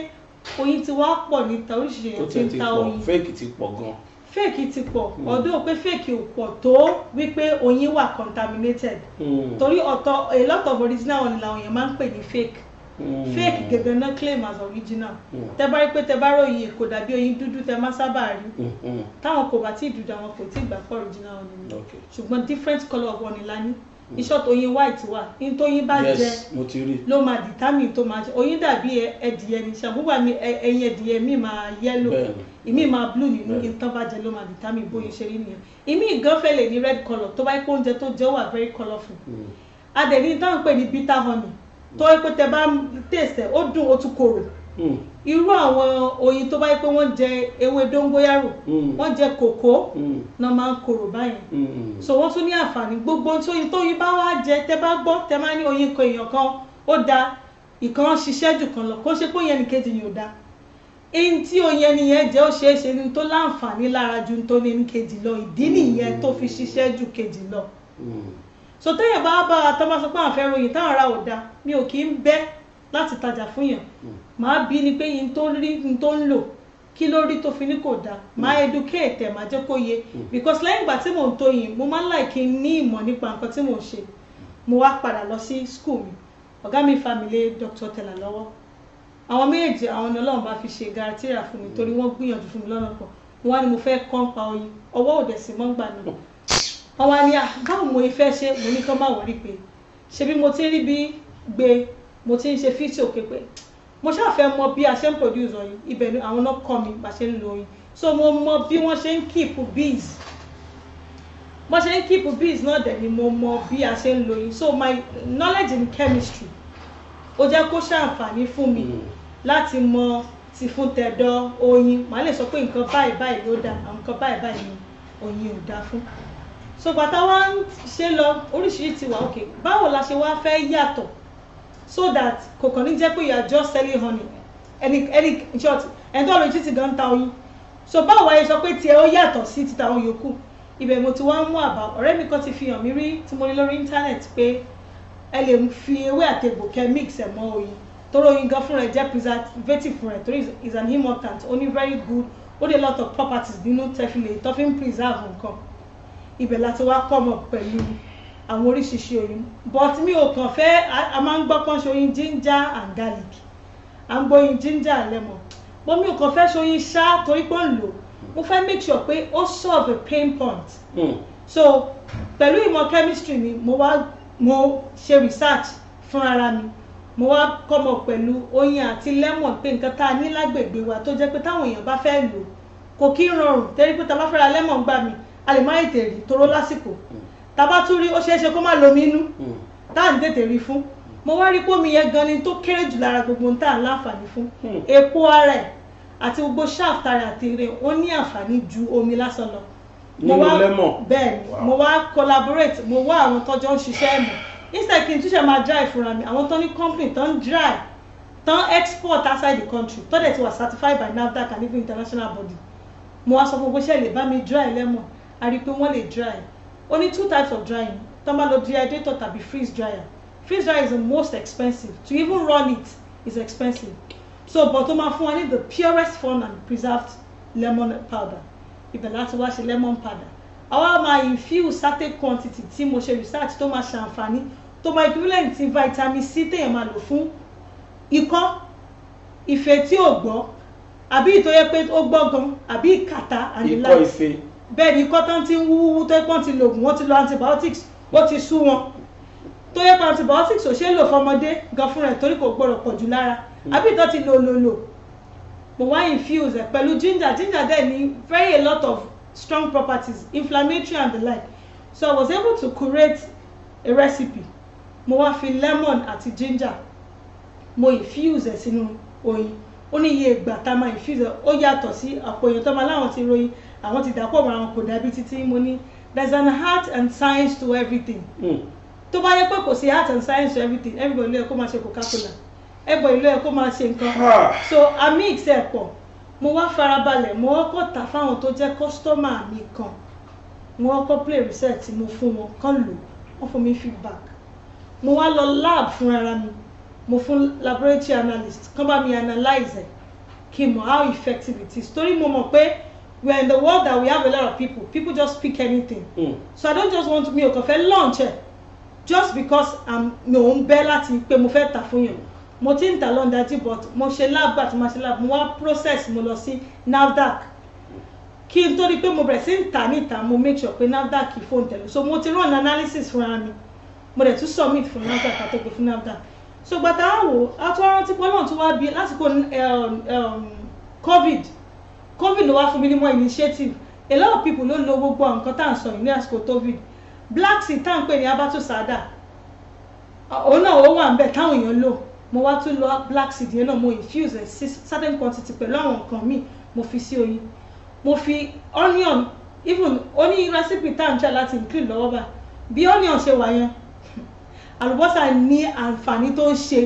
oyin ti wá pọ̀ níta oríṣiríṣi ti ń ta oyin fake ti pọ̀ gan-an fake ti pọ̀ ọdún hmm. pé fake ò pọ̀ tó wípé oyin wà contaminated hmm. torí ọ̀tọ̀ a lot of original one làwọn èèyàn máa ń pè ní fake Mm. fake gangan náà claim as original mm. tẹ bá rí pé tẹ bá ròyìn èkó dàbí oyin dúdú tẹ má sábà rí mm, táwọn kò bá tí dúdú àwọn kò tí gbà pọ̀ original ni ṣùgbọ́n different colour of ọ̀nì la ní iṣọ́ tó yin white wà ní tó yin bá jẹ ló máa determine tó máa jẹ oyin dàbí ẹdìyẹ ni ṣàbúgbà mi ẹyin ẹdìyẹ mi máa yellow ìmí máa blue nínú kí n tán bá jẹ ló máa determine bóyin ṣe rí nìyẹn ìmí ìgànfẹ́ lè ní red colour tó bá yẹ kó oúnjẹ tó jẹ wà very colourful adẹ̀ní táwọn pè ní bitter honey tó yẹ pé tẹ bá tèsè ó dùn ó tún korò hmm. irú àwọn oyin tó bá yẹ pé wọ́n jẹ ewé dóngóyàrò hmm. wọ́n jẹ kòkó hmm. náà máa ń korò báyẹn so wọ́n tún ní àǹfààní gbogbo tóyin tóyin bá wá jẹ tẹ bá gbọ́ tẹ máa ní oyin kan èèyàn kan ó da ìkan ṣiṣẹ́ jù kan lọ kó ṣe pé oyin ẹnìkejì yóò da eyín tí oyin ẹnìyẹn jẹ́ ó ṣeé ṣe ní tó láǹfààní lára ju tó ní ẹnìkejì lọ ìdí nìyẹn tó fi ṣiṣẹ́ jù kejì lọ so téèyàn bá bá a tán bá sọ pé àwọn fẹ́ ròyìn táwọn ará ò da mi ò kì í bẹ́ láti tajà fún yàn hmm. màá bí ni pé yín tó ń rí yín tó ń lò kí ló rí tó fi ní kò da hmm. màá educate ẹ̀ màá jẹ́ kó yé hmm. because lẹ́yìn ìgbà tí mò ń tó yìn mo máa ń láì kí n ní ìmọ̀ nípa nǹkan tí mò ń ṣe mo wá padà lọ sí school mi ọ̀gá mi fa mi lé Dr. Tella lọ́wọ́ àwọn méjèèjì àwọn ni Ọlọ́run bá fi ṣe gàtíra fún mi torí wọ́n gbìyànjú fún mi lọ́nà pọ̀ wọ́n á ní mo fẹ́ kọ́ pa oyin ọwọ́ òdẹ̀sí mọ́ngbà náà wọ́n wá ní à ah, báwo mo fẹ́ ṣe mo ní kán má wọlé pé ṣe bí mo ti ń rí bí gbé mo ti ń ṣe fídíò pépé mo ṣáà fẹ́ mọ bí a ṣe ń produce oyin ibẹ̀ ni àwọn náà kọ́ mi bá ṣe ń lo oyin so mo mọ bí wọ́n ṣe ń keep bees bọ́n ṣe ń keep bees náà dẹ̀ ni mo mọ bí a ṣe ń lo oyin so my knowledge in chemistry ó jẹ́ kó ṣàǹfààní fún mi mm. láti mọ ti fún tẹ̀dọ̀ oyin màá lè sọ pé nǹkan báyìí báyìí ló dáa àwọn nǹkan báyìí báyìí ni oyin ò dáa fún so gbàtà wá ń ṣe lọ oríṣiríṣi wà òkè báwo la ṣe wá fẹ́ yàtọ̀ so that kò kàn ní jẹ́ pé you are just selling honey ẹni ẹni short ẹni tó lójú ti gan ta oyin so báwo wáyé sọ pé tiẹ̀ ó yàtọ̀ sí ti tàwọn yòókù ibẹ̀ mo ti wá mú àbá ọ̀rẹ́ mi kan ti fi hàn mí rí tí mo rí lórí internet pé ẹ lè fi ewé àti egbò kẹ́ mix ẹ̀ mọ́ oyin toro oyin gan fúnra ẹ̀ jẹ́ preservative fúnra ẹ̀ torí is an immortant only very good ó dé lot of properties nínú tẹ́fìlẹ̀ tó fi ń preserve nǹkan ibẹ̀ láti wá kọ́mọ pẹ̀lú àwọn oríṣiríṣi oyin but mi ò kàn fẹ́ a máa ń gbọ́ pọ́n ṣe oyin ginger and garlic à ń gbọ́ oyin ginger and lemon but mi ò kàn fẹ́ ṣe oyin ṣá torí pé ń lò mo fẹ́ make sure pé ó solve a pain point mm. so pẹ̀lú ìmọ̀ chemistry mi mo wá mo ṣe research fúnra mi mo wá kọ́mọ pẹ̀lú oyin àti lemon pé nǹkan tá a ní lágbègbè wa tó jẹ́ pé táwọn èèyàn bá fẹ́ lò kò kí ń rọrùn torí pé tá a bá fẹ́ ra lemon gbà mí a lè má ètè rí toró lásìkò tá a bá tún rí ó ṣeé ṣe kó má lomi inú tá à ń tètè rí fún mo wá rí pómi yẹn gan ni tó kéré jù lára gbogbo tá à ń láǹfààní fún hmm. epo ara ẹ̀ àti gbogbo ṣáàf tara àti eré ó ní àǹfààní ju omi lásán lọ mo. lẹ́mọ̀ bẹ́ẹ̀ mo wá collaborate mo wá àwọn tọ́jọ́ ń ṣiṣẹ́ mọ̀ instead kí n túṣe máa dry fúnra mi àwọn tó ní company tó ń dry tán export outside the country tó dẹ̀ ti wà certified by NAFDAC and even international body mo wá sọ fún gbogbo ṣe lè bá mi dry lẹ́mọ̀ a rí i pé wọ́n lè dry ó ní two types of drying tó máa lọ dehydrator tàbí freeze dryer freeze dryer is the most expensive to even run it is expensive so but ó máa fún wa ní the purest form and preserved lemon powder ibẹ̀ láti wá ṣe lemon powder àwa máa infuse certain quantity tí mo ṣe research tó máa ṣàǹfààní tó máa equivalent ti vitamin c téèyàn máa lò fún ikọ́ ìfẹ́ tí ò gbọ́ àbí ìtọ́yẹ pé ó gbọ́ gan àbí ìkàtà àdìlá ikọ́ ife bẹ́ẹ̀ ni kọ́tán ti ń wúwú tó pọ́n ti lògùn wọ́n ti lo antibiotics wọ́n ti sú wọn tó yẹ pé antibiotics ò ṣeé lò fọmọdé gan fúnra ẹ̀ torí kò gbọ́dọ̀ pọ̀ jù lára àbí ìtọ́ ti lò lò lò mo wá infuse ẹ̀ pẹ̀lú ginger ginger dẹ̀ ní very a lot of strong properties inflammatory and the like so I was able to create a recipe mo wá fi lemon àti ginger mo infuse ẹ̀ sínú oyin ó ní iye ìgbà tá a máa infuse ẹ̀ ó yàtọ̀ sí àpò èèyàn tó máa láwọn ti ròyìn àwọn ti dàpọ̀ mọ́ àwọn kò dàbí títí mo ní there is an art and science to everything hmm. tó bá yẹ pé kò sí art and science to everything everybody ló yẹ kó máa ṣe coca-cola everybody ló yẹ kó máa ṣe nǹkan so àmì ìṣe pọ̀ mo wá farabalẹ̀ mo kọ́ tà fáwọn tó jẹ́ kọ́sítọ́mà mi kan mo kọ́ play research mo fún wọn kán lò wọ́n fún mi feedback mo wá lọ lab fún ara mi mo fún laboratory analyst kán bá mi analyze ẹ̀ kí n mọ̀ how effective it is torí mo mọ̀ pé we're in the world that we have a lot of people people just pick anything mm. so i don't just want me ò kàn fẹ́ launch ẹ̀ just because i'm mi ò ń bẹ́ láti pé mo fẹ́ tà fún yàn mo ti ń tà lọ́ndàjì but mo ṣe lab àti mo ṣe lab mo wá process mo lọ sí NAFDAC kí n tó rí i pé mo bẹ̀rẹ̀ sí ń tà mo make sure pe NAFDAC kì í fóun so mo ti run analysis fúnra mi mo dẹ̀ tún submit fún NAFDAC àtọ́gbẹ́ fún NAFDAC so gbàtà àwò àtúwárán tí pọ́nlọ́n tún wá bí lásìkò um, um, covid covid no wa fún mi ní mọ́ initiative a lot of people no know gbogbo nǹkan tá à ń sọ yìí ní àsìkò covid black seed tá à ń pè sada òun náà ó wà ń bẹ̀ táwọn èèyàn lò mo wá tún lo black seed yẹn náà mo infuse ẹ̀ certain quantity pẹ̀lú àwọn nǹkan míì mo fi sí oyin mo fi onion even ó recipe tá à ń jà láti include lọ́wọ́ bá bí onion ṣe wà yẹn àlùbọ́sà ní àǹfààní tó ń ṣe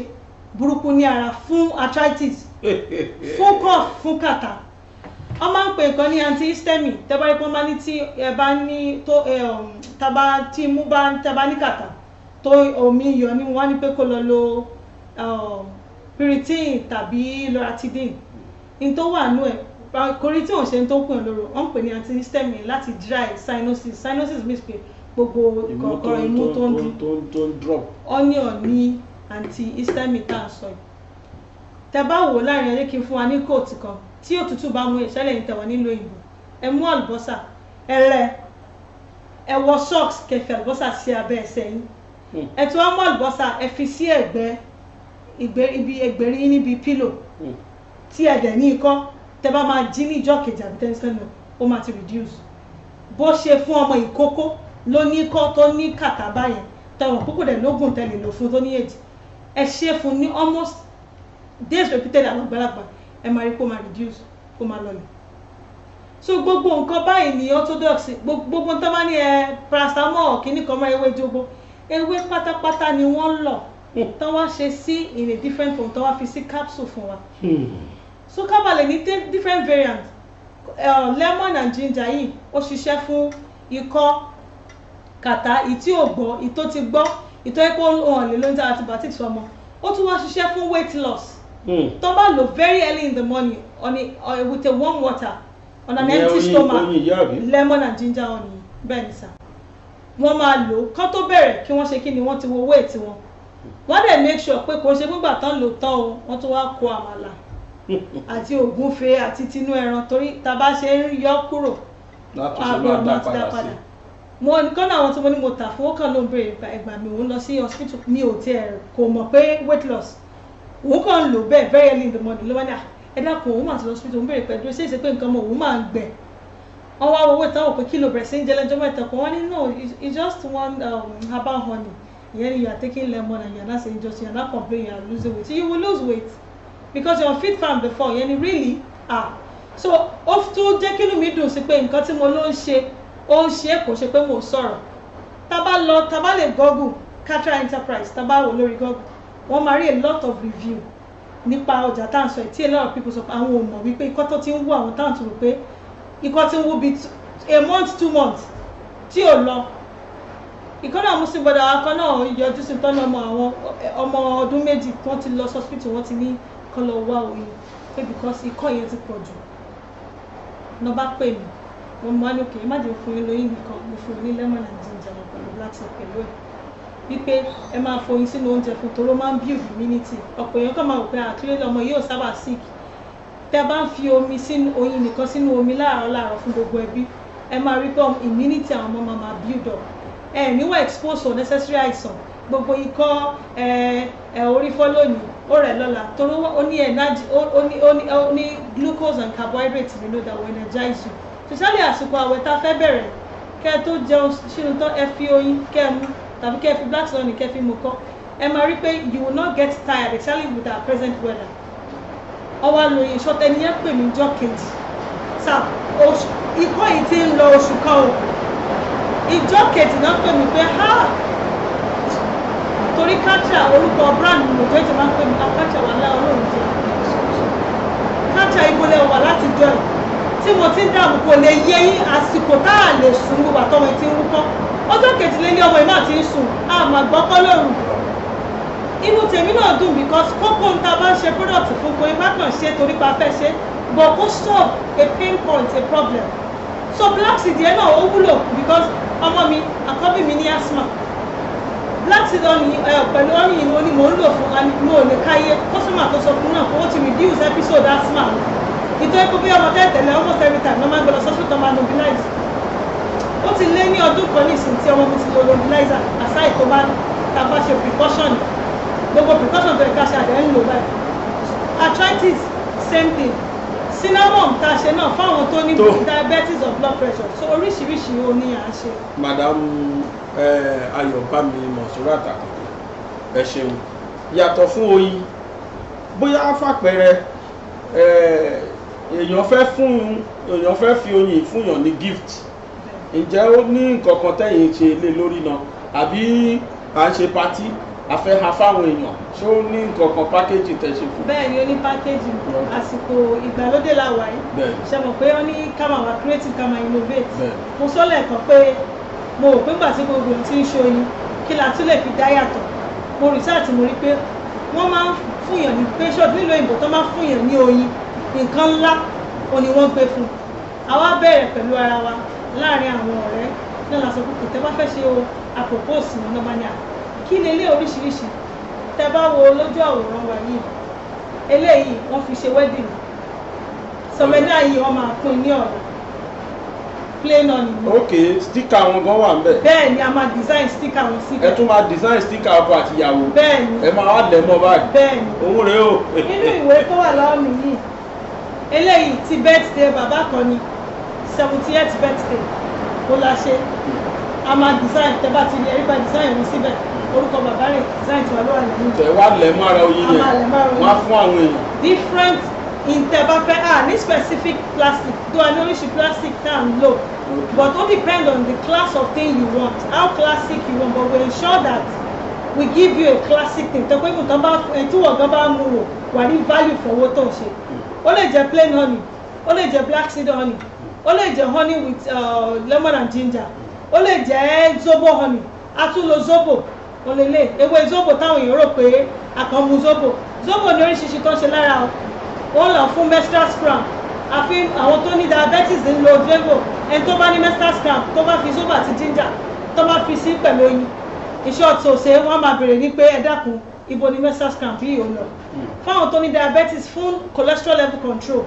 burúkú ní ara fún arthritis fún cough fún kàtà wọ́n máa ń pè nǹkan ní antihistemi tẹ́bá ipò máa ní tí ẹ bá ní tó um, tàbá tí imú bá tẹ́bá ní kàtà tó omi yọ ní wọ́n ní pé kó lọ lo um, piritin tàbí loratidine ní tó wà nú ẹ̀ korí tí òun ṣe ń tó pè lóró wọ́n ń pè ní antihistemi láti dry sinuses sinuses means pé gbogbo kọ̀ọ̀kọ̀rọ̀ imú tó ń dùn onion ní antihistemi tá à ń sọ yìí tẹ́ bá wò láàrin ẹ̀rẹ́ kí n fún wa ní kóòtù kan tí òtútù bá mú ìṣẹ̀lẹ̀ yìí tẹ̀wọ̀n nílò ìbò ẹ mú àlùbọ́sà ẹ rẹ ẹ wọ socks kẹfì àlùbọ́sà sí abẹ́ ẹsẹ̀ yín hmm. ẹ tún wá mú àlùbọ́sà ẹ fi sí ẹ̀gbẹ́ ibi ẹgbẹ̀rí níbi pílò hmm. tí ẹ dẹ̀ ní ikọ́ tẹ bá máa jí ní ìjọ kejì àbí tẹ́ńsán lọ ó máa ti reduce bó ṣe fún ọmọ ìkókó ló ní kọ́ tó ní kàtà báyẹn tẹ̀wọ̀n púpọ̀ dẹ̀ lógún tẹ̀lé lò fún tó ní èjì ẹ ṣe fún ní almost days repeated àwọn àgbàlagbà ẹ máa rí kó máa reduce kó máa lọlẹ̀ so gbogbo nǹkan báyìí ni orthodox gbogbo tó bá ní ẹ paracetamol kìíní kan máa ewé jogbo ewé pátápátá ni wọ́n lọ hmm. tó wá ṣe sí in a different form tó wá fi sí capsule fún wa hmm. so kábàlẹ̀ ní different variant uh, lemon and ginger yìí ó ṣiṣẹ́ fún ikọ́ kàtá ìtí ò gbọ́ ìtó ti gbọ́ ìtọ́ ẹ̀kọ́ ohun ọ̀lẹ́ ló ń dá antibiotics fọmọ ó tún wá ṣiṣẹ́ fún weight loss Hmm. tó bá lò very early in the morning on a, on a, with a warm water on an empty stomach lemon and ginger honey bẹ́ẹ̀ ni sà wọ́n máa lò ó kán tó bẹ̀rẹ̀ kí wọ́n ṣe kí ni wọ́n ti wo weight wọn wọ́n dẹ̀ make sure pé kò ṣe gbígbà tán lò tán o wọ́n tó wá kó àmàlà àti ògúnfe àti tinú ẹran torí tá a bá ṣe ń yọ kúrò àgbẹ̀ ọ̀nà ti dá padà mo nìkan náà àwọn tí mo ní mo tà fún ó kàn ló ń béèrè ẹgbà mi òun lọ sí hospital mi ò tiẹ̀ kò mọ̀ pé weight loss òun kàn ń lò bẹ́ẹ̀ very early in the morning ló wá ní ah, ẹ dákun òun mà ti lọ sí òun béèrè pẹ̀lú ṣé èsì pé nǹkan mọ̀ òun máa ń gbẹ̀ wọ́n wá owó ìtàn òpin kílò bẹ̀rẹ̀ sí ń jẹ́ lẹ́jọ́ mẹ́ta kan wọ́n ní no it's just one um, herbal honey ìyẹn ni you are taking lemon and you are not saying just you are not complaining you are losing weight you will lose weight because you are fit farm before ìyẹn ni really ah so ó tó jẹ́ kí inú mi dùn sí pé nǹkan tí mo ló ń ṣe ó ń ṣe kò ṣe pé mo sọ̀rọ̀ tá a bá lọ tá a bá lè Google Katra Enterprise tá a bá wò lórí Google wọ́n máa rí a lot of review nípa ọjà tá à ń sọ tí a lot of people sọ pé àwọn ò mọ̀ wípé ikọ́ tó ti ń wú àwọn táwọn ti rò pé ikọ́ ti ń wú bíi a month two months tí ò lọ ìkan náà muslim brother wa kan náà yọjú sí tọ́nà ọmọ àwọn ọmọ ọdún méjì wọ́n ti lọ sọ́sìpìtì wọ́n ti ní kọ́ lọ wá òye pé because ikọ́ yẹn ti pọ̀ jù lọ bá pè mí wọ́n mú wá ní òkè má jẹ́ fún yín lóyún nìkan mo fún yín ní lemon and ginger pẹ̀lú láti pẹ̀lú ẹ̀ wípé ẹ máa foyin sínú oúnjẹ fún toró máa ń build immunity ọ̀pọ̀ èèyàn kàn máa wò pé àkílẹ̀ ah, lọmọ yóò sábà sick tẹ́ bá ń fi omi sínú oyin nìkan sínú omi láàárọ̀ láàárọ̀ fún gbogbo ẹbí ẹ máa rí pé immunity àwọn ọmọ máa build up ẹ níwọ̀ expose unnecessary àìsàn gbogbo ikọ́ ẹ ẹ orí fọ́ lónìí ó rẹ̀ lọ́la toró ó ní energy ó ní glucose and carbohydrate nínú that will energize you especially àsìkò àwẹ̀ tá a fẹ́ bẹ̀rẹ̀ kẹ́ ẹ tó jẹun sínú tán ẹ fi oyin kẹ́ ẹ mú tàbí kẹ́ fi black sun ni kẹ́ fi mú kọ́ ẹ máa rí pé you will not get tired especially with our present weather ọwọ́ àlòyìn ṣọ́tẹ́ ni ẹ pè mí jọ́ kejì sà ikọ́ yìí ti ń lọ oṣù kan o ìjọ́ kejì náà pè mí pé ha torí kátà orúkọ brand mi lòjọ́ ìjọba ń pè mí kátà wà láà olóòrùn jẹ kátà ìbọlẹ̀ wà láti jọ ẹ̀ tí mo ti ń dáàbò kò lè yẹ yín àsìkò tá a lè sùn gbogbo àtọ́wọ́ ẹ̀ ń rúkọ́ ọjọ́ kejìlélẹ́ ọmọ ìmọ̀ àti sùn àmọ́ àgbọ́kọ́ lòrùn inú tèmi náà dùn because kókó ń ta bá ń ṣe product fún kò ìmọ̀ kàn ṣe torí pa fẹ́ ṣe but kó solve a pain point a problem so black seed yẹn náà ó wúlò because ọmọ mi àkọ́bí mi ní asthma black seed pẹ̀lú ọ̀rìn yìí mo ní mò ń lò fún mo ò lè káyé customer tó sọ fún náà kó ti reduce episode asthma ìtọ́ ikú bí ọmọ tẹ́tẹ̀lẹ̀ almost every time ló máa ń gbé lọ sọ́sùn tó máa nobilize ó ti lé ní ọdún kan nísìnyí tí ọmọ mi ti lo nebulizer aside tó bá ta bá ṣe precaution gbogbo precaution tó yẹ ká ṣe àdé ń lò báyìí arthritis same thing cinnamon tá a ṣe náà fáwọn tó ní diabetes or blood pressure so oríṣiríṣi o ní à ń ṣe. madam ayọ̀bámi monsurat àkàndé ẹ ṣeun yàtọ̀ fún oyin bóyá fàpẹẹrẹ èèyàn fẹ́ fún èèyàn fẹ́ fi oyin fúnyàn ní gift ǹjẹ́ ó ní nǹkan kan tẹ̀yìn ṣe lé lórí náà àbí à ń ṣe patí àfẹ́ ha fáwọn èèyàn ṣé ó ní nǹkan kan pákéjì tẹ̀ ṣe fún. bẹ́ẹ̀ ni ó ní pákéjì àsìkò ìgbàlódé la wà yìí ṣe mọ̀ pé ó ní ká máa creative ká máa innovate mo sọ lẹ́ẹ̀kan pé mo rò pé gbàtí gbogbo ti ń ṣoyin kí la tún lè fi dá yàtọ̀ mo rìsáàtì mo rí pé wọ́n máa ń fúnyàn ní pé ṣọ́ọ̀bù nílò ìbò tó máa ń fúnyàn ní oyin nǹkan ńlá òní wọ́n gbé fún àwa bẹ̀rẹ̀ pẹ̀lú ara wa láàrin àwọn ọ̀rẹ́ náà la sọ pé kò tẹ́ bá fẹ́ ṣe o àpòpọ̀ òsì wọn náà bá ní à kí ni ilé oríṣiríṣi tẹ́ bá wo lójú àwòrán wa yìí eléyìí wọ́n fi ṣe wedding sọmẹ́dá yìí wọ́n máa pín ní ọ̀rọ̀ plain on ìlú. ok sticker wọn gan wà nbẹ. bẹ́ẹ̀ ni a máa design sticker wọn síbẹ̀. ẹ tún máa design sticker ọkọ àti ìyàwó. bẹ́ẹ̀ ni ẹ máa wá lẹ̀ mọ́ báyìí. bẹ́ẹ̀ ni òun rèé o. nínú ìwé tó wà lọ́wọ́ mi yìí eléyìí ti birthday bàbá kan ni seventieth birthday ó la ṣe a máa design tẹ́ bá ti rí ẹ̀rí bá design wọn síbẹ̀ orúkọ bàbá rẹ̀ design tiwa ló wà lẹ́yìn. tẹ wá lẹ mára oyin yẹn wá fún àwọn èèyàn. different interbafe ah ní specific plastic Do a ní oríṣi plastic tá à but all depend on the class of thing you want how classic you want but we ensure that we give you a classic thing tẹ pé nǹkan bá ẹtí wọ̀gán bá mú wò wà ní value for owó tó ń ṣe hmm. ó lè jẹ́ plain honey ó lè jẹ́ black seed honey ó lè jẹ́ honey with uh, lemon and ginger ó lè jẹ́ zobo honey a tún lo zobo olèlè ewé zobo táwọn èèyàn rò pé àkànmú zobo zobo ní oríṣiríṣi tó ń ṣe lára wọn lọ fún menstrual cramp àfi àwọn tó ní diabetes ń lo zobo ẹni tó bá ní menstrual cramp tó bá fi zobo àti ginger tó bá fi sí pẹ̀lú oyin iṣẹ́ ọ̀tọ̀ọ̀sẹ̀ wọn máa bèrè ní pé ẹ dákun ibo ni menstrual cramp yìí ò lọ hmm. fáwọn tó ní diabetes fún cholesterol level control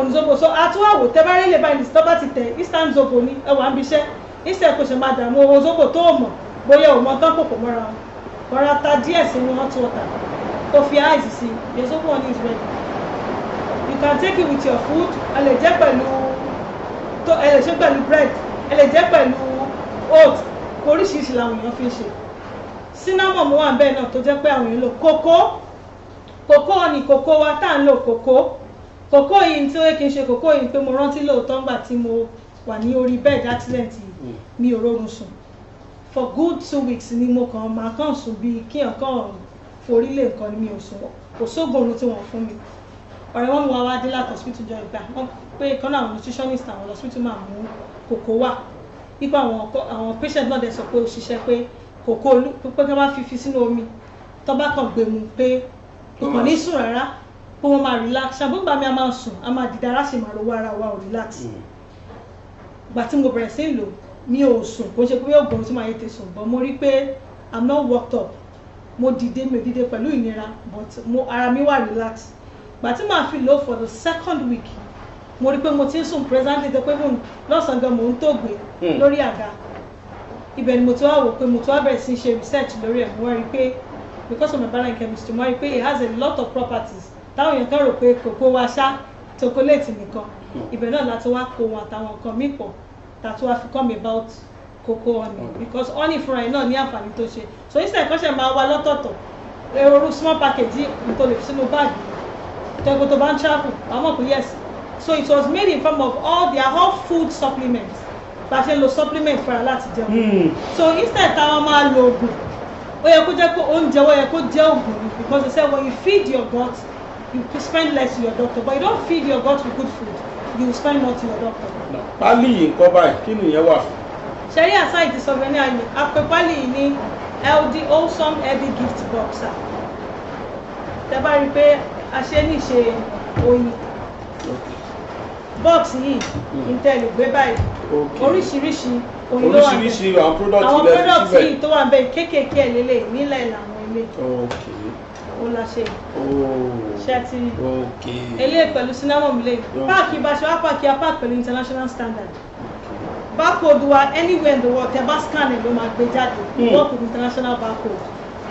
onzobo so àtúwàwò tẹ́bárẹ́ lè báyìí tó bá ti tẹ̀ instant zobo ní ẹwà ń biṣẹ́ instant kò ṣe máa dààmú owó zobo tó o mọ̀ bóyá o mọ tán kòkò mọ́ra wọn rọra ta díẹ̀ sínú hot water kò fi ice sí the zobo one is ready you can take it with your food ẹ lè jẹ́ pẹ̀lú tó ẹ lè ṣe pẹ̀lú bread ẹ lè jẹ́ pẹ̀lú oat oríṣiríṣi làwọn èèyàn fi ń ṣe cinnamon wà bẹ́ẹ̀ náà tó jẹ́ pé àwọn èèyàn lò kókó kókó ni kókó wa tá à ń lò kókó kòkó yìí tí ó yẹ kí n ṣe kòkó yìí pé mo rántí lóòótọ́ ńgbà tí mo wà ní orí bed accident yìí hmm. mi ò rórun sùn for good two weeks ni mo kàn máa kàn sùn bíi kí nǹkan ọ̀run forí lé nǹkan ni mi ò sùn kò sóògùn oorun tí wọ́n fún mi ọ̀rẹ́ wọn mú wa wá dé láti hospital jọ ìgbà wọn pé kan náà àwọn nutritionist àwọn hospital máa mú kòkó wà nípa àwọn patient náà dẹ̀ sọ pé ó ṣiṣẹ́ pé kòkó pé kí wọ́n bá fi fi sínú omi tó bá kàn gbé mu pé kò kàn ní sùn rárá kó wọ́n máa relax ṣàbọ̀ngbà mi a máa sùn a máa dìde ara ṣe máa ara wa ò relax mm. ìgbà tí mo bẹ̀rẹ̀ sí ń lò mi ò sùn kò ń ṣe pé yóò gbọ́n tí màá yẹ ti sùn bọ́ mo rí pé i'm not worked up mo dìde mi ò dìde pẹ̀lú ìnira but mo ara mi wà relax ìgbà tí màá fi lò for the second week mo rí pé mo ti ń sùn presently tó pé mo lọ́sàn-án gan mo ń tògbé mm. lórí àga ibẹ̀ ni mo ti wá wò pé mo ti wá bẹ̀rẹ̀ sí ṣe research lórí ẹ̀ mo wá rí pé because of my balance chemistry mo wá rí pé it has a lot of properties táwọn èèyàn kan rò pé kòkó wa ṣá chocolate nìkan hmm. ibẹ̀ náà láti wá kó wọn àtàwọn nǹkan míì pọ̀ tàtí wá fi come about cocoa honey hmm. because honey fúnra ẹ̀ náà ní àǹfààní tó ṣe so instead kan ṣe máa wá lọ́tọ̀ọ̀tọ̀ ooru small package tó lè fi sínú báàgì tẹ́gbọ́n tó bá ń travel wàá mọ̀ pé yes so it was made in form of all their all food supplements bá a ṣe ń lo supplement fúnra láti jẹun hmm. so instead táwọn máa lo oògùn ó yẹ kó jẹ́ pé oúnjẹ ó yẹ kó jẹ́ oògùn because they say when you feed your gut you spend less to your doctor but you don't feed your gut with good food you spend more to your doctor. pálí yìí nǹkan báyìí kí nìyẹn wà. ṣẹ́rí aside ti sọ fún mi àyè àpè pálí yìí ní healthy wholesome healthy gift boxer tẹ bá rí i pé a ṣe ní ṣe oyin box yìí hmm. ìtẹ̀lẹ̀ gbé báyìí oríṣiríṣi oyin ló wà bẹ́ẹ̀ àwọn product yìí tó wà bẹ́ẹ̀ kéékèèké ẹ̀ lélẹ̀ nílẹ̀ làwọn ilé òun la ṣe ṣẹ́tì eléyìí pẹ̀lú sinamọ̀ mi léyìí páàkì bá ṣe wá páàkì apá pẹ̀lú international standard barcode wa anywhere in the world tẹ bá scan ẹ̀ ló máa gbé jáde hmm. work with international barcode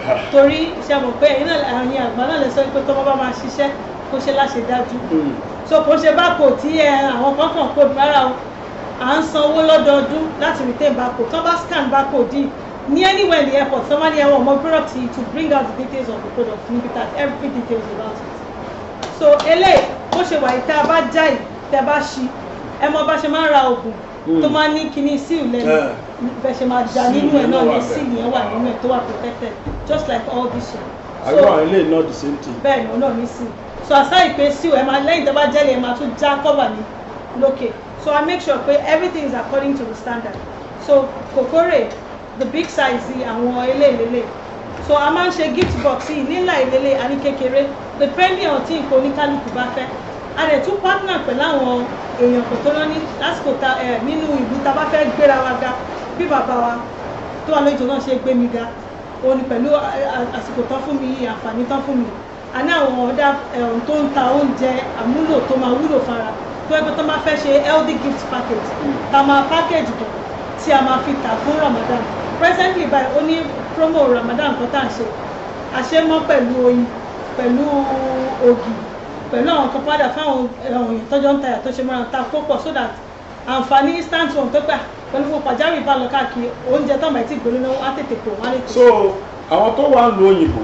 ah. torí iṣẹ́ mọ̀ pé iná àárín àgbà náà lè sọ pé tọ́mọ bá máa ṣiṣẹ́ kó ṣe láṣẹ dájú hmm. so kò ṣe barcode tí eh, àwọn kan kàn kó rárá o à ń sanwó lọ́dọọdún láti retain barcode tọ́ bá scan barcode yìí ní anywhere in the airport somebody ẹ̀wọ̀n mọ product yìí to bring out the details of the product níbi that every details about it so eléyìí bó ṣe wà yìí tá a bá já yìí tá a bá ṣí ẹ mọ bá ṣe máa ń ra oògùn hmm. tó máa ní kíní síìlù lẹ́nu eh. bẹ̀ ṣe máa já nínú ẹ̀ náà ní síìlù yẹn wà nínú ẹ̀ tó wà protected just like all this year. yẹn. àgbà ilé náà the same thing. bẹ́ẹ̀ ni ọ̀nà mi sì so aside pé síìlù ẹ máa lẹ́yìn tó bá jẹ́lẹ̀ ẹ máa tún já cover mi lókè so I make sure pé everything is according to the standard so kòkòrè the big size àwọn eléèlélè so a máa ń ṣe gift box yìí nílà ìlélè àní kékeré depending on tí nǹkan oníkálukú bá fẹ́ a dẹ̀ tún partner pẹ̀lú àwọn èèyàn kò tó lọ́ní lásìkò ta ẹ̀ nínú ìlú ta bá fẹ́ gbéra wa ga bí bàbá wa tó wà lójú náà ṣe gbé mi ga òun pẹ̀lú àsìkò tán fún mi àǹfààní tán fún mi àní àwọn ọ̀dà ẹ̀hún tó ń ta oúnjẹ àmúlò tó máa wúlò fara tó ẹgbẹ́ tó máa fẹ́ ṣe healthy gift package tá máa package bọ̀ tí a máa fi tà fún Ramadan presently by ó promo Ramadan kan tá à ń ṣe àṣemọ́ pẹ̀lú oyin pẹ̀lú ògì pẹ̀lú àwọn kan padà fáwọn èèyàn tọ́jọ́ ń tayà tó ṣe mọ́ra ta kó so that àǹfààní instant one tó gbà pẹ̀lú fún pàjáwìrì bá lọ káàkiri oúnjẹ tó máa ti gbèrú náà á tètè pò wá lẹ́tọ̀ọ́. so àwọn tó wà ń lo òyìnbó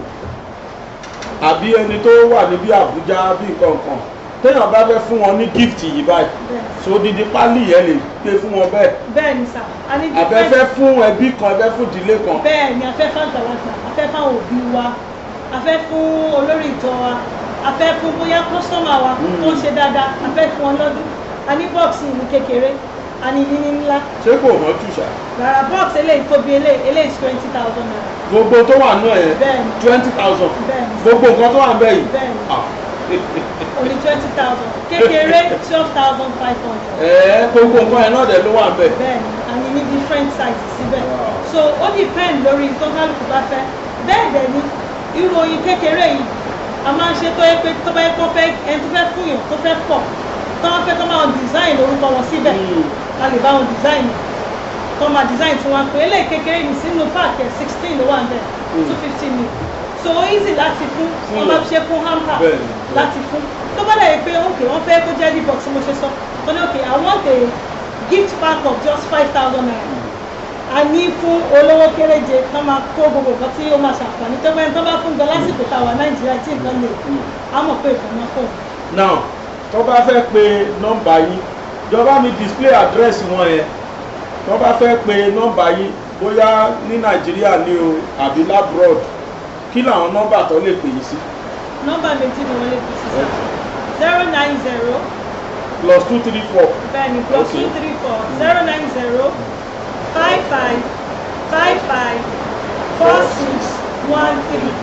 àbí ẹni tó wà níbi Àbújá bí nǹkan kan téèyàn bá fẹ́ fún wọn ní gift yìí báyìí so dídí pálí yẹn lè gbé fún wọn bẹ́ẹ̀. bẹ́ẹ̀ ni sà a ní gift. afẹ́fẹ́ fún ẹbí kan afẹ́ fún ìdílé kan. bẹ́ẹ̀ ni afẹ́fẹ́ àgbàlagbà afẹ́fẹ́ òbí wa afẹ́ fún olórí ìjọ wa afẹ́ fún bóyá kọ́sọ́mà wa hmm. tó ń ṣe dáadáa afẹ́ fún wọn lọ́dún a ní bọ́ọ̀sì ní kékeré a ní ní ńlá. ṣé kò wọ́n tù sá. rárá bọ́ọ̀sì eléyìí tóbi eléyìí twenty thousand naira. gbogbo tó wà náà yẹn twenty thousand gbogbo nǹkan tó wà bẹ́ẹ̀ yìí. Only twenty thousand kékeré twelve thousand five hundred. ẹ̀ẹ́ gbogbo nǹkan ẹ̀ náà dẹ̀ ló wà ń bẹ̀. and a need different sizes síbẹ̀ so ó depend lórí tó kálukú bá fẹ́ bẹ́ẹ̀ dẹ̀ ni irú oyin kékeré yìí a máa ń ṣe tó yẹ pé tó bá yẹ kó fẹ́ ẹni tó fẹ́ fún yàn tó fẹ́ pọ̀ tó wọ́n fẹ́ tó máa design orúkọ wọn síbẹ̀ hmm. a lè bá wọn design tó máa design tí wọ́n pè é lè kékeré yìí sínú páàkì sixteen ló wà ń bẹ̀ hmm. two fifteen ni so easy láti fún hmm. wọ́n máa fi ṣe fún hamper láti fún tó bá dàbí pé òkè wọ́n fẹ́ kó jẹ́ ní box mo ṣe sọ wọ́n ní òkè i want a gift pack of just five thousand naira a ní fún olówó kéréje ká máa kó gbogbo nǹkan tí ó máa ṣàǹfààní tó bá ń tó bá fún gan lásìkò tá nàìjíríà tí nǹkan lè kú á mọ̀ pé ìkan máa pọ̀. now tó bá fẹ́ pe nọ́mbà yín ìjọba mi display address wọn yẹn tó bá fẹ́ pe nọ́mbà yín bóyá ní nàìjíríà ni o àbí labroad kí làwọn nọ́mbà tó lè pè yín sí. Number méjì ni wọ́n lè fi zero nine zero. plus two three four. bẹ́ẹ̀ni plus okay. two three four zero nine zero five five five five four six one three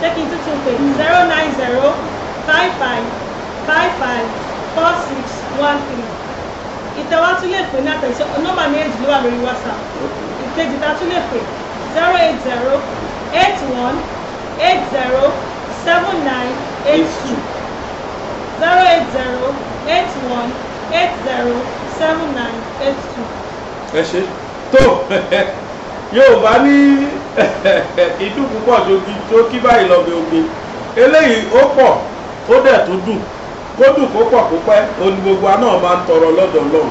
ṣé kí two tún hmm. zero nine zero five five five five four six one three ìtẹ̀wá tún lè pè ní àtẹ̀sẹ̀ nọ́mbà méjì ló wà lórí whatsapp ìkejì ta tún lè pè zero eight zero eight one eight zero seven nine eight zero eight zero eight one eight zero seven nine eight two. ẹ ṣe tó yóò bá ní ìdú púpọ̀ tó kí báyìí lọ́bẹ̀ ogun eléyìí ó pọ̀ ó dẹ̀ tó dùn kó dùn kó pọ̀ kó pẹ́ òní gbogbo wa náà máa ń tọrọ lọ́dọ̀ Ọlọ́run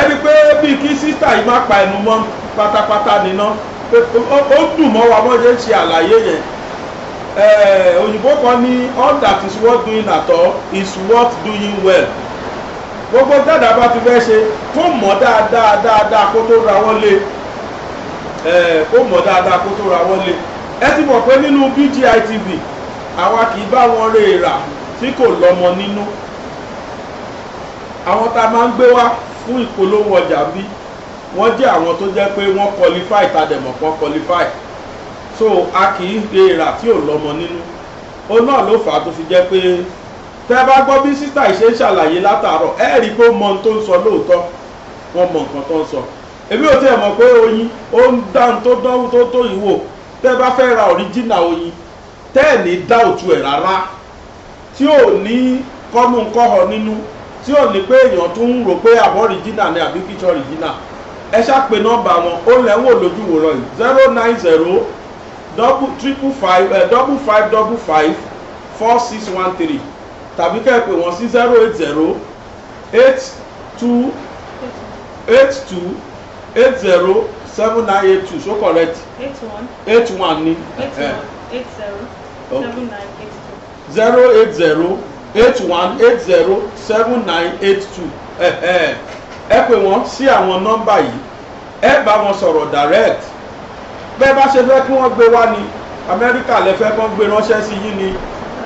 ẹni pé bíi kí sísítà yìí má pa ẹnu mọ́ pátápátá níná ó dùn mọ́ wa mọ́ ṣe ń ṣe àlàyé yẹn Eh, òyìnbó kan ní all that is worth doing at all is worth doing well gbogbo dáadáa bá ti fẹ́ ṣe kó mọ̀ dáadáa dáadáa kó tó ra wọlé eh, kó mọ̀ dáadáa kó tó ra wọlé ẹ ti mọ̀ pé nínú BGI TV àwa kì í bá wọn rè rà tí kò lọ́mọ nínú àwọn tá a máa ń gbé wá fún ìpolówó ọjà bí wọ́n jẹ́ àwọn tó jẹ́ pé wọ́n qualify tá a dẹ̀ mọ̀ pọ́n qualify. so a kì í de ìrà tí ò lọ́mọ nínú ó náà ló fà á tó fi jẹ́ pé tẹ́ bá gbọ́ bí sísá ìṣe ń ṣàlàyé látàárọ̀ ẹ rí i pé ó mọ ohun tó ń sọ lóòótọ́ wọn mọ nǹkan tó ń sọ èmi ò tiẹ̀ mọ̀ pé oyin ó ń dá ohun tó dánwó tó tó yìí wò tẹ́ bá fẹ́ ra ọ̀ríjìnà oyin tẹ́ ẹ̀ ní dá òtú ẹ̀ rárá tí ò ní kọ́nù kọ́họ nínú tí ò ní ni àbí ọ̀ríjìnà ẹ pe wọn ó double triple five eh, double five double five four six one three tàbí kẹ́ ẹ pè wọ́n sí zero eight zero eight two eight two eight zero seven nine eight two so correct eight one eight one ni eight eh, eh. one eight zero seven nine eight two zero eight zero eight one eight zero seven nine eight two ẹ pè wọ́n sí àwọn nọ́mbà yìí ẹ bá wọn sọ̀rọ̀ direct bẹ́ẹ̀ bá ṣe fẹ́ kí wọ́n gbé wá ni amẹ́ríkà lẹ́fẹ́ kán gbé ránṣẹ́ sí yín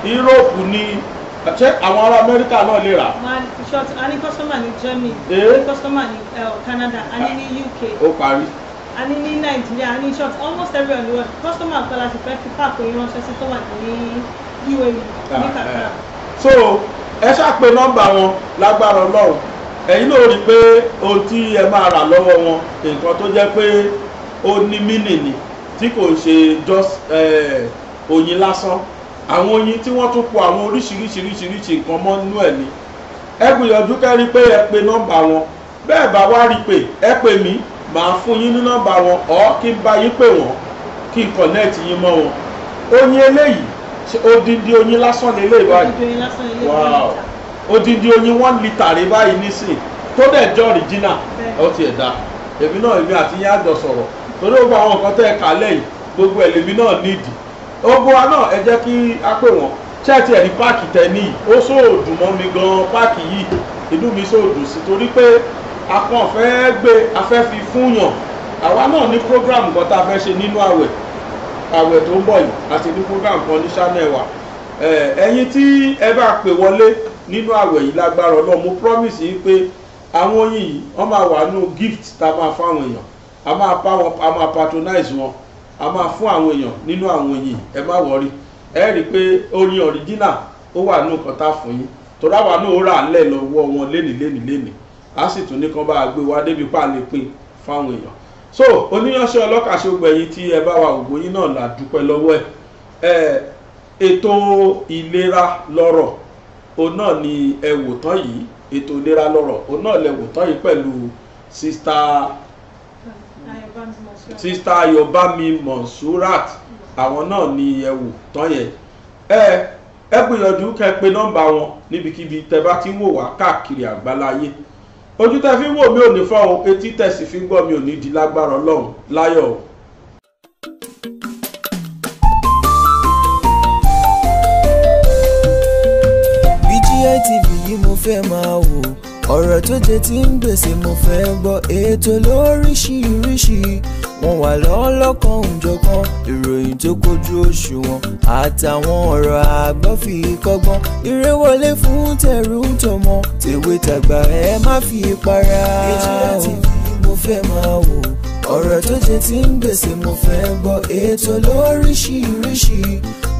ni yúróòpù ni ṣé àwọn ará amẹ́ríkà náà lè rà. a ní kọ́sọ́mà ní germany a ní kọ́sọ́mà ní eh, canada a ní ní uk. ó parí. a ní ní nàìjíríà a ní short almost everywhere in kọ́sọ́mà kan láti fẹ́ fi páàkì yín ránṣẹ́ sí tó ní uae ní kàkà. Ah, eh. so ẹ ṣàpè nọ́mbà wọn lágbára ọlọ́run ẹ̀yin náà rí i pé ohun tí ẹ máa rà lọ́wọ́ wọn nǹkan tó jẹ́ pé ó ní ni tí kò ń ṣe just eh, oyin lásán àwọn oyin tí wọ́n tún po àwọn oríṣiríṣiríṣiríṣi nǹkan mọ́ nínú ẹ̀ ni ẹ gbìyànjú kẹ́rí pé ẹ pe nọ́mbà wọn bẹ́ẹ̀ bá wá rí pé ẹ pè mí màá fún yín ní nọ́mbà wọn ọ́ kí n bá yín pè wọ́n kí n kọ̀nẹ́ẹ̀tì yín mọ́ wọn oyin eléyìí odindi oyin lásán lélẹ̀ báyìí odindi oyin one litre rẹ báyìí nísìn tó dẹ̀ jọ original ó tiẹ̀ da, èmi náà èmi àti yín àjọ sọ̀rọ̀ torí ó gba àwọn nǹkan tẹ́ ẹ kà lẹ́yìn gbogbo ẹ̀lẹ́mí náà nídìí gbogbo wa náà ẹ jẹ́ kí á pè wọ́n ṣẹ́ẹ̀tì ẹ̀ ní páàkì tẹ níyì ó sóòdùn mọ́ mi gan-an páàkì yìí inú mi sóòdùn sí torí pé akọ́n fẹ́ gbé afẹ́ fi fúnyàn àwa náà ní program kan tá a fẹ́ ṣe nínú àwẹ̀ àwẹ̀ tó ń bọ̀ yìí àti ní program kan ní channel wa ẹ̀yin tí ẹ bá pè wọlé nínú àwẹ̀ yìí lágbára ọlọ́run mo promise yìí pé àwọn oyin yìí wọ́n máa wà nínú gift tá a máa fáwọn èèyàn a máa pa wọn a máa patronize wọn a máa fún àwọn èèyàn nínú àwọn yìí ẹ má wọrí ẹ rí i pé orin ọ̀ríjínà ó wà ní nǹkan tá fún yín torí àwa náà ó rà á lẹ̀ lọ́wọ́ wọn lénìí lénìí lénìí a sì tún ní kán bá a gbé wa débi pa lè pín fáwọn èèyàn so oníyanṣẹ́ ọlọ́kàṣogbò ẹ̀yìn tí ẹ bá wa ògbó yín náà là dúpẹ́ lọ́wọ́ ẹ̀ ètò ìlera lọ́rọ̀ òun náà ni ẹ wò tán yìí ètò ìlera lọ́rọ̀ òun náà lẹ wò tán yìí pẹ̀lú sista sista Ayọ̀bámi Monsurat àwọn náà ni ẹ̀wù tán yẹn ẹ ẹ gbìyànjú kẹ pé nọ́mbà wọn níbikíbi tẹ bá ti wò wá káàkiri àgbáláyé ojú tẹ fi wò mí ò ní fọ́ o etí tẹ sì fi gbọ́ mi ò ní di lágbára Ọlọ́run láyọ̀ o. BGI yìí mo fẹ́ máa wò ọ̀rọ̀ tó jẹ ti ń gbèsè mo fẹ́ gbọ́ ètò lóríṣiríṣi wọ́n wà lọ́lọ́kan òjọ̀kan ìròyìn tó kojú òṣùwọ̀n àtàwọn ọ̀rọ̀ àgbọ́ fi kọ́gbọ́n eré wọlé fún tẹ̀rù tọmọ tèwe tàgbà ẹ má fi para. Ejira ọ̀rọ̀ tó jẹ ti ń gbèsè mo fẹ́ gbọ́ ètò lóríṣiríṣi